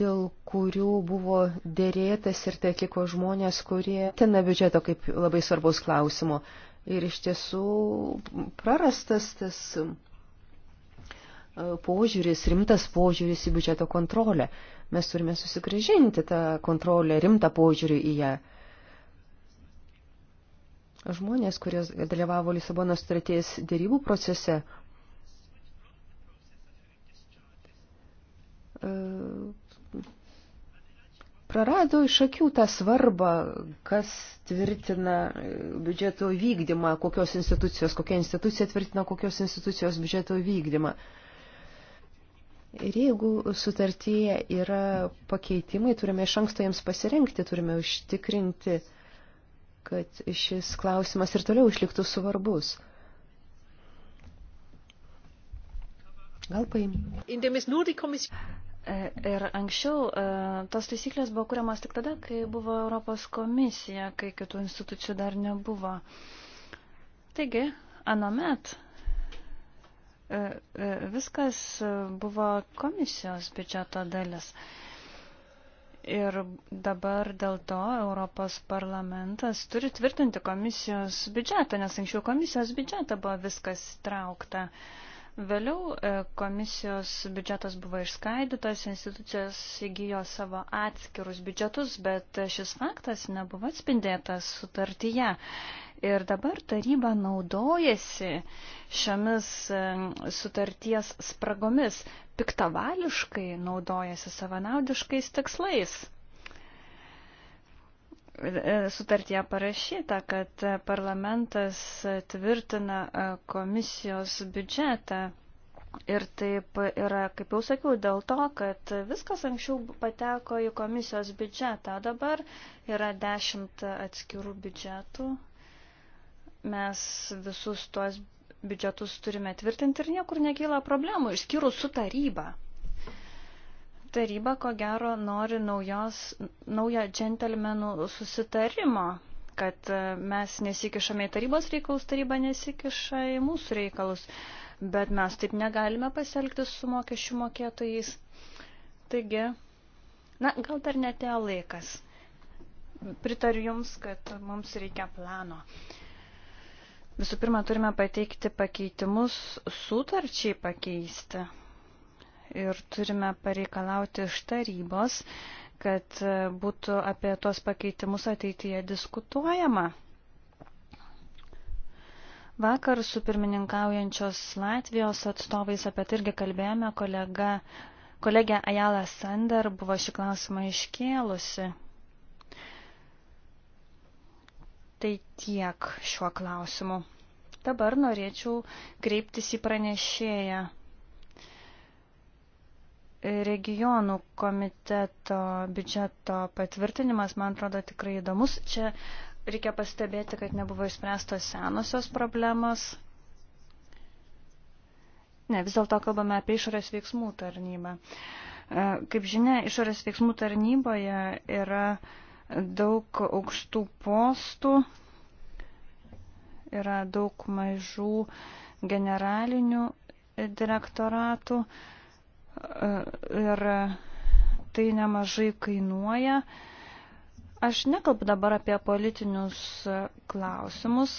dėl kurių buvo dėrėtas ir tai atliko žmonės, kurie tena biudžeto kaip labai svarbaus klausimo. Ir iš tiesų prarastas tas e, požiūris, rimtas požiūris į biudžeto kontrolę. Mes turime susigražinti tą kontrolę, rimtą požiūrį į ją. Žmonės, kurie dalyvavo Lisabonos sutarties dėrybų procese, prarado iš akių tą svarbą, kas tvirtina biudžeto vykdymą, kokios institucijos, kokia institucija tvirtina kokios institucijos biudžeto vykdymą. Ir jeigu sutartyje yra pakeitimai, turime iš anksto jiems pasirengti, turime užtikrinti, kad šis klausimas ir toliau išliktų svarbus. Gal paim. Ir anksčiau e, tos taisyklės buvo kuriamas tik tada, kai buvo Europos komisija, kai kitų institucijų dar nebuvo. Taigi, anomet e, e, viskas buvo komisijos biudžeto dalis. Ir dabar dėl to Europos parlamentas turi tvirtinti komisijos biudžetą, nes anksčiau komisijos biudžetą buvo viskas traukta. Uh, Vėliau e, komisijos biudžetas buvo išskaidytas, institucijos įgyjo savo atskirus biudžetus, bet šis faktas nebuvo atspindėtas sutartyje. Ir dabar taryba naudojasi šiomis e, sutarties spragomis, piktavališkai naudojasi savanaudiškais tikslais. E, sutartyje parašyta, kad parlamentas tvirtina e, komisijos biudžetą. Ir taip yra, kaip jau sakiau, dėl to, kad viskas anksčiau pateko į komisijos biudžetą, o dabar yra dešimt atskirų biudžetų. Mes visus tuos biudžetus turime tvirtinti ir niekur nekyla problemų, išskyrus su taryba taryba ko gero nori naujos, naujo džentelmenų susitarimo, kad e, mes nesikišame į tarybos reikalus, taryba nesikiša į mūsų reikalus, bet mes taip negalime pasielgti su mokesčių mokėtojais. Taigi, na, gal dar netėjo laikas. Pritariu Jums, kad mums reikia plano. Visų pirma, turime pateikti pakeitimus sutarčiai pakeisti ir turime pareikalauti iš tarybos, kad būtų apie tos pakeitimus ateityje diskutuojama. Vakar su pirmininkaujančios Latvijos atstovais apie tai irgi kalbėjome, kolega, kolegė Ajala Sander buvo šį klausimą iškėlusi. Tai tiek šiuo klausimu. Dabar norėčiau kreiptis į pranešėją regionų komiteto biudžeto patvirtinimas, man atrodo, tikrai įdomus. Čia reikia pastebėti, kad nebuvo išspręstos senosios problemos. Ne, vis dėlto kalbame apie išorės veiksmų tarnybą. E, kaip žinia, išorės veiksmų tarnyboje yra daug aukštų postų, yra daug mažų generalinių direktoratų. Uh, ir tai nemažai kainuoja. Aš nekalbu dabar apie politinius klausimus,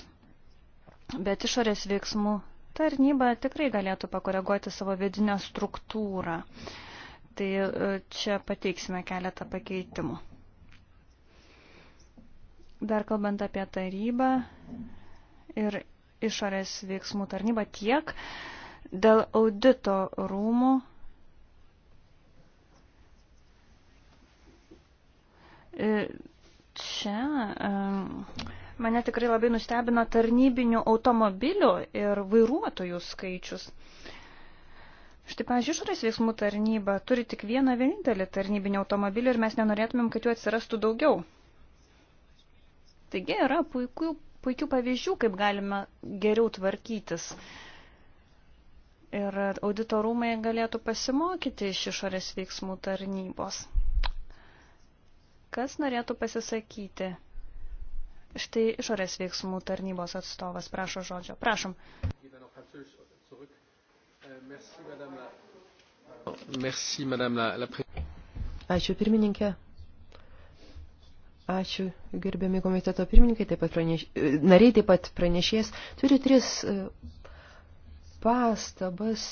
bet išorės veiksmų tarnyba tikrai galėtų pakoreguoti savo vidinę struktūrą. Tai e, čia pateiksime keletą pakeitimų. Dar kalbant apie tarybą ir išorės veiksmų tarnybą tiek dėl audito rūmų E, čia e, mane tikrai labai nustebino tarnybinių automobilių ir vairuotojų skaičius. Štai, pažiūrėjau, išorės veiksmų tarnyba turi tik vieną vienintelį tarnybinį automobilį ir mes nenorėtumėm, kad jų atsirastų daugiau. Taigi yra puikių, puikių pavyzdžių, kaip galime geriau tvarkytis. Ir auditorumai galėtų pasimokyti iš išorės veiksmų tarnybos. Kas norėtų pasisakyti? Štai išorės veiksmų tarnybos atstovas prašo žodžio. Prašom. Ačiū pirmininkė. Ačiū gerbiami komiteto pirmininkai, taip pat praneš... nariai taip pat pranešės. Turiu tris e, pastabas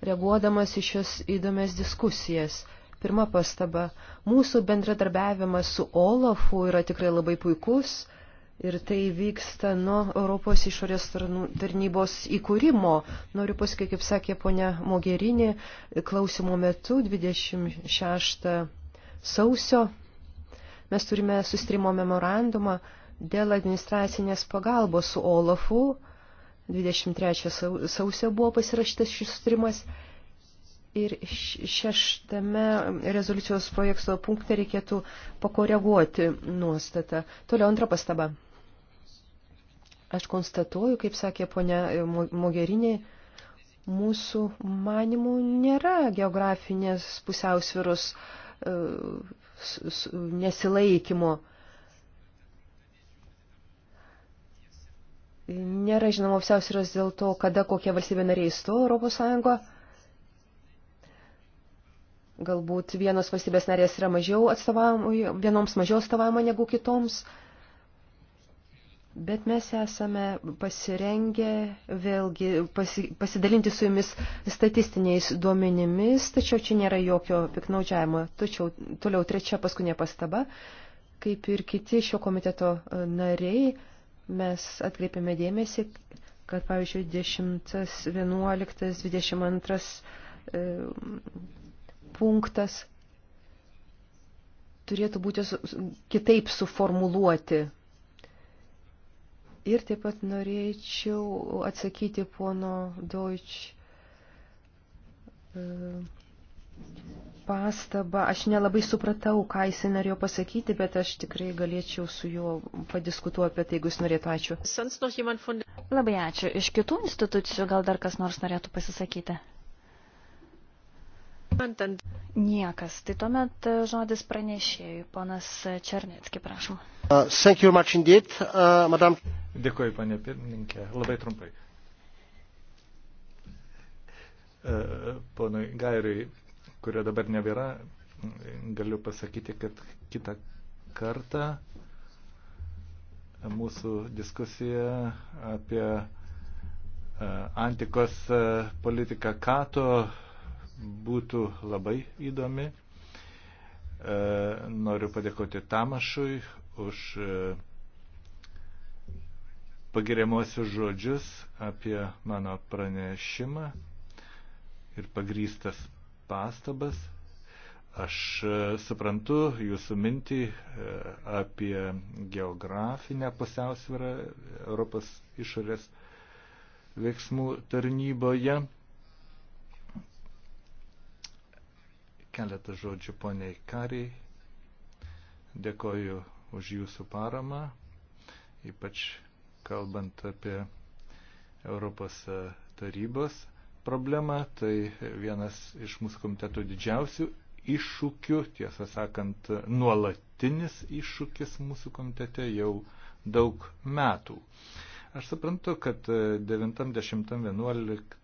reaguodamas į šios įdomias diskusijas. Pirma pastaba. Mūsų bendradarbiavimas su Olafu yra tikrai labai puikus ir tai vyksta nuo Europos išorės tarnybos įkūrimo. Noriu pasakyti, kaip sakė ponia Mogerinė, klausimo metu 26 sausio mes turime sustrimo memorandumą dėl administracinės pagalbos su Olafu. 23 sausio buvo pasirašytas šis sustrimas Ir šeštame rezoliucijos projekto punkte reikėtų pakoreguoti nuostatą. Toliau antra pastaba. Aš konstatuoju, kaip sakė ponia Mogerinė, mūsų manimų nėra geografinės pusiausviros e, nesilaikymo. Nėra žinoma pusiausviros dėl to, kada kokia valstybė narė įstojo Europos Sąjungoje Galbūt vienos valstybės narės yra mažiau atstovavimo, vienoms mažiau atstovavimo negu kitoms. Bet mes esame pasirengę vėlgi pasi, pasidalinti su jumis statistiniais duomenimis, tačiau čia nėra jokio piknaudžiavimo. Tačiau toliau trečia paskutinė pastaba. Kaip ir kiti šio komiteto e, nariai, mes atkreipėme dėmesį, kad pavyzdžiui 10, 11, 22 punktas turėtų būti kitaip suformuluoti. Ir taip pat norėčiau atsakyti pono Deutsch e, pastabą. Aš nelabai supratau, ką jis norėjo pasakyti, bet aš tikrai galėčiau su juo padiskutuoti apie tai, jeigu jis norėtų. Ačiū. Labai ačiū. Iš kitų institucijų gal dar kas nors norėtų pasisakyti? Niekas. Tai tuomet e, žodis pranešėjui. Ponas Černetski, prašom. Uh, thank you much indeed, uh, madam. Dėkuoju, panė pirmininkė. Labai trumpai. Uh, ponui Gairiui, kurio dabar nebėra, galiu pasakyti, kad kitą kartą mūsų diskusija apie e, antikos politiką Kato būtų labai įdomi. E, noriu padėkoti Tamašui už e, pagiriamosius žodžius apie mano pranešimą ir pagrystas pastabas. Aš e, suprantu jūsų mintį apie geografinę pusiausvyrą Europos išorės veiksmų tarnyboje. keletą žodžių poniai Kariai. Dėkoju už jūsų paramą, ypač kalbant apie Europos e, tarybos problemą. Tai vienas iš mūsų komiteto didžiausių iššūkių, tiesą sakant, nuolatinis iššūkis mūsų komitete jau daug metų. Aš suprantu, kad 90-11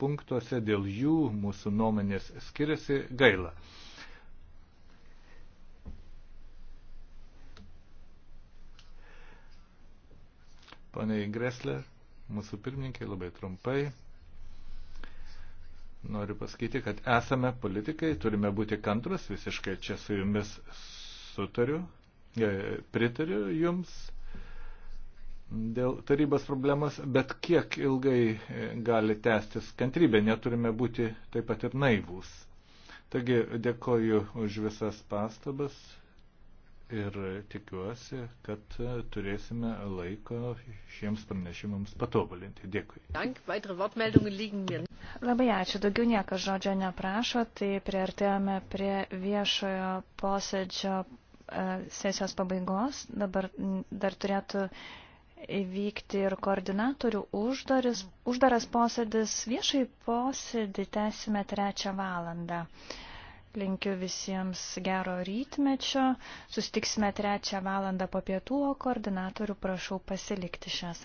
punktuose, dėl jų mūsų nuomonės skiriasi gaila. Pane Gresler, mūsų pirmininkai, labai trumpai. Noriu pasakyti, kad esame politikai, turime būti kantrus, visiškai čia su jumis sutariu, e, pritariu jums dėl tarybos problemas, bet kiek ilgai e, gali tęstis kantrybė, neturime būti taip pat ir naivūs. Taigi dėkoju už visas pastabas ir tikiuosi, kad e, turėsime laiko šiems pranešimams patobulinti. Dėkui. Labai ačiū, daugiau niekas žodžio neprašo, tai priartėjome prie viešojo posėdžio e, sesijos pabaigos. Dabar dar turėtų įvykti ir koordinatorių uždaris, uždaras posėdis. Viešai posėdį tęsime trečią valandą. Linkiu visiems gero rytmečio. Sustiksime trečią valandą po pietų, o koordinatorių prašau pasilikti šią sąlygą.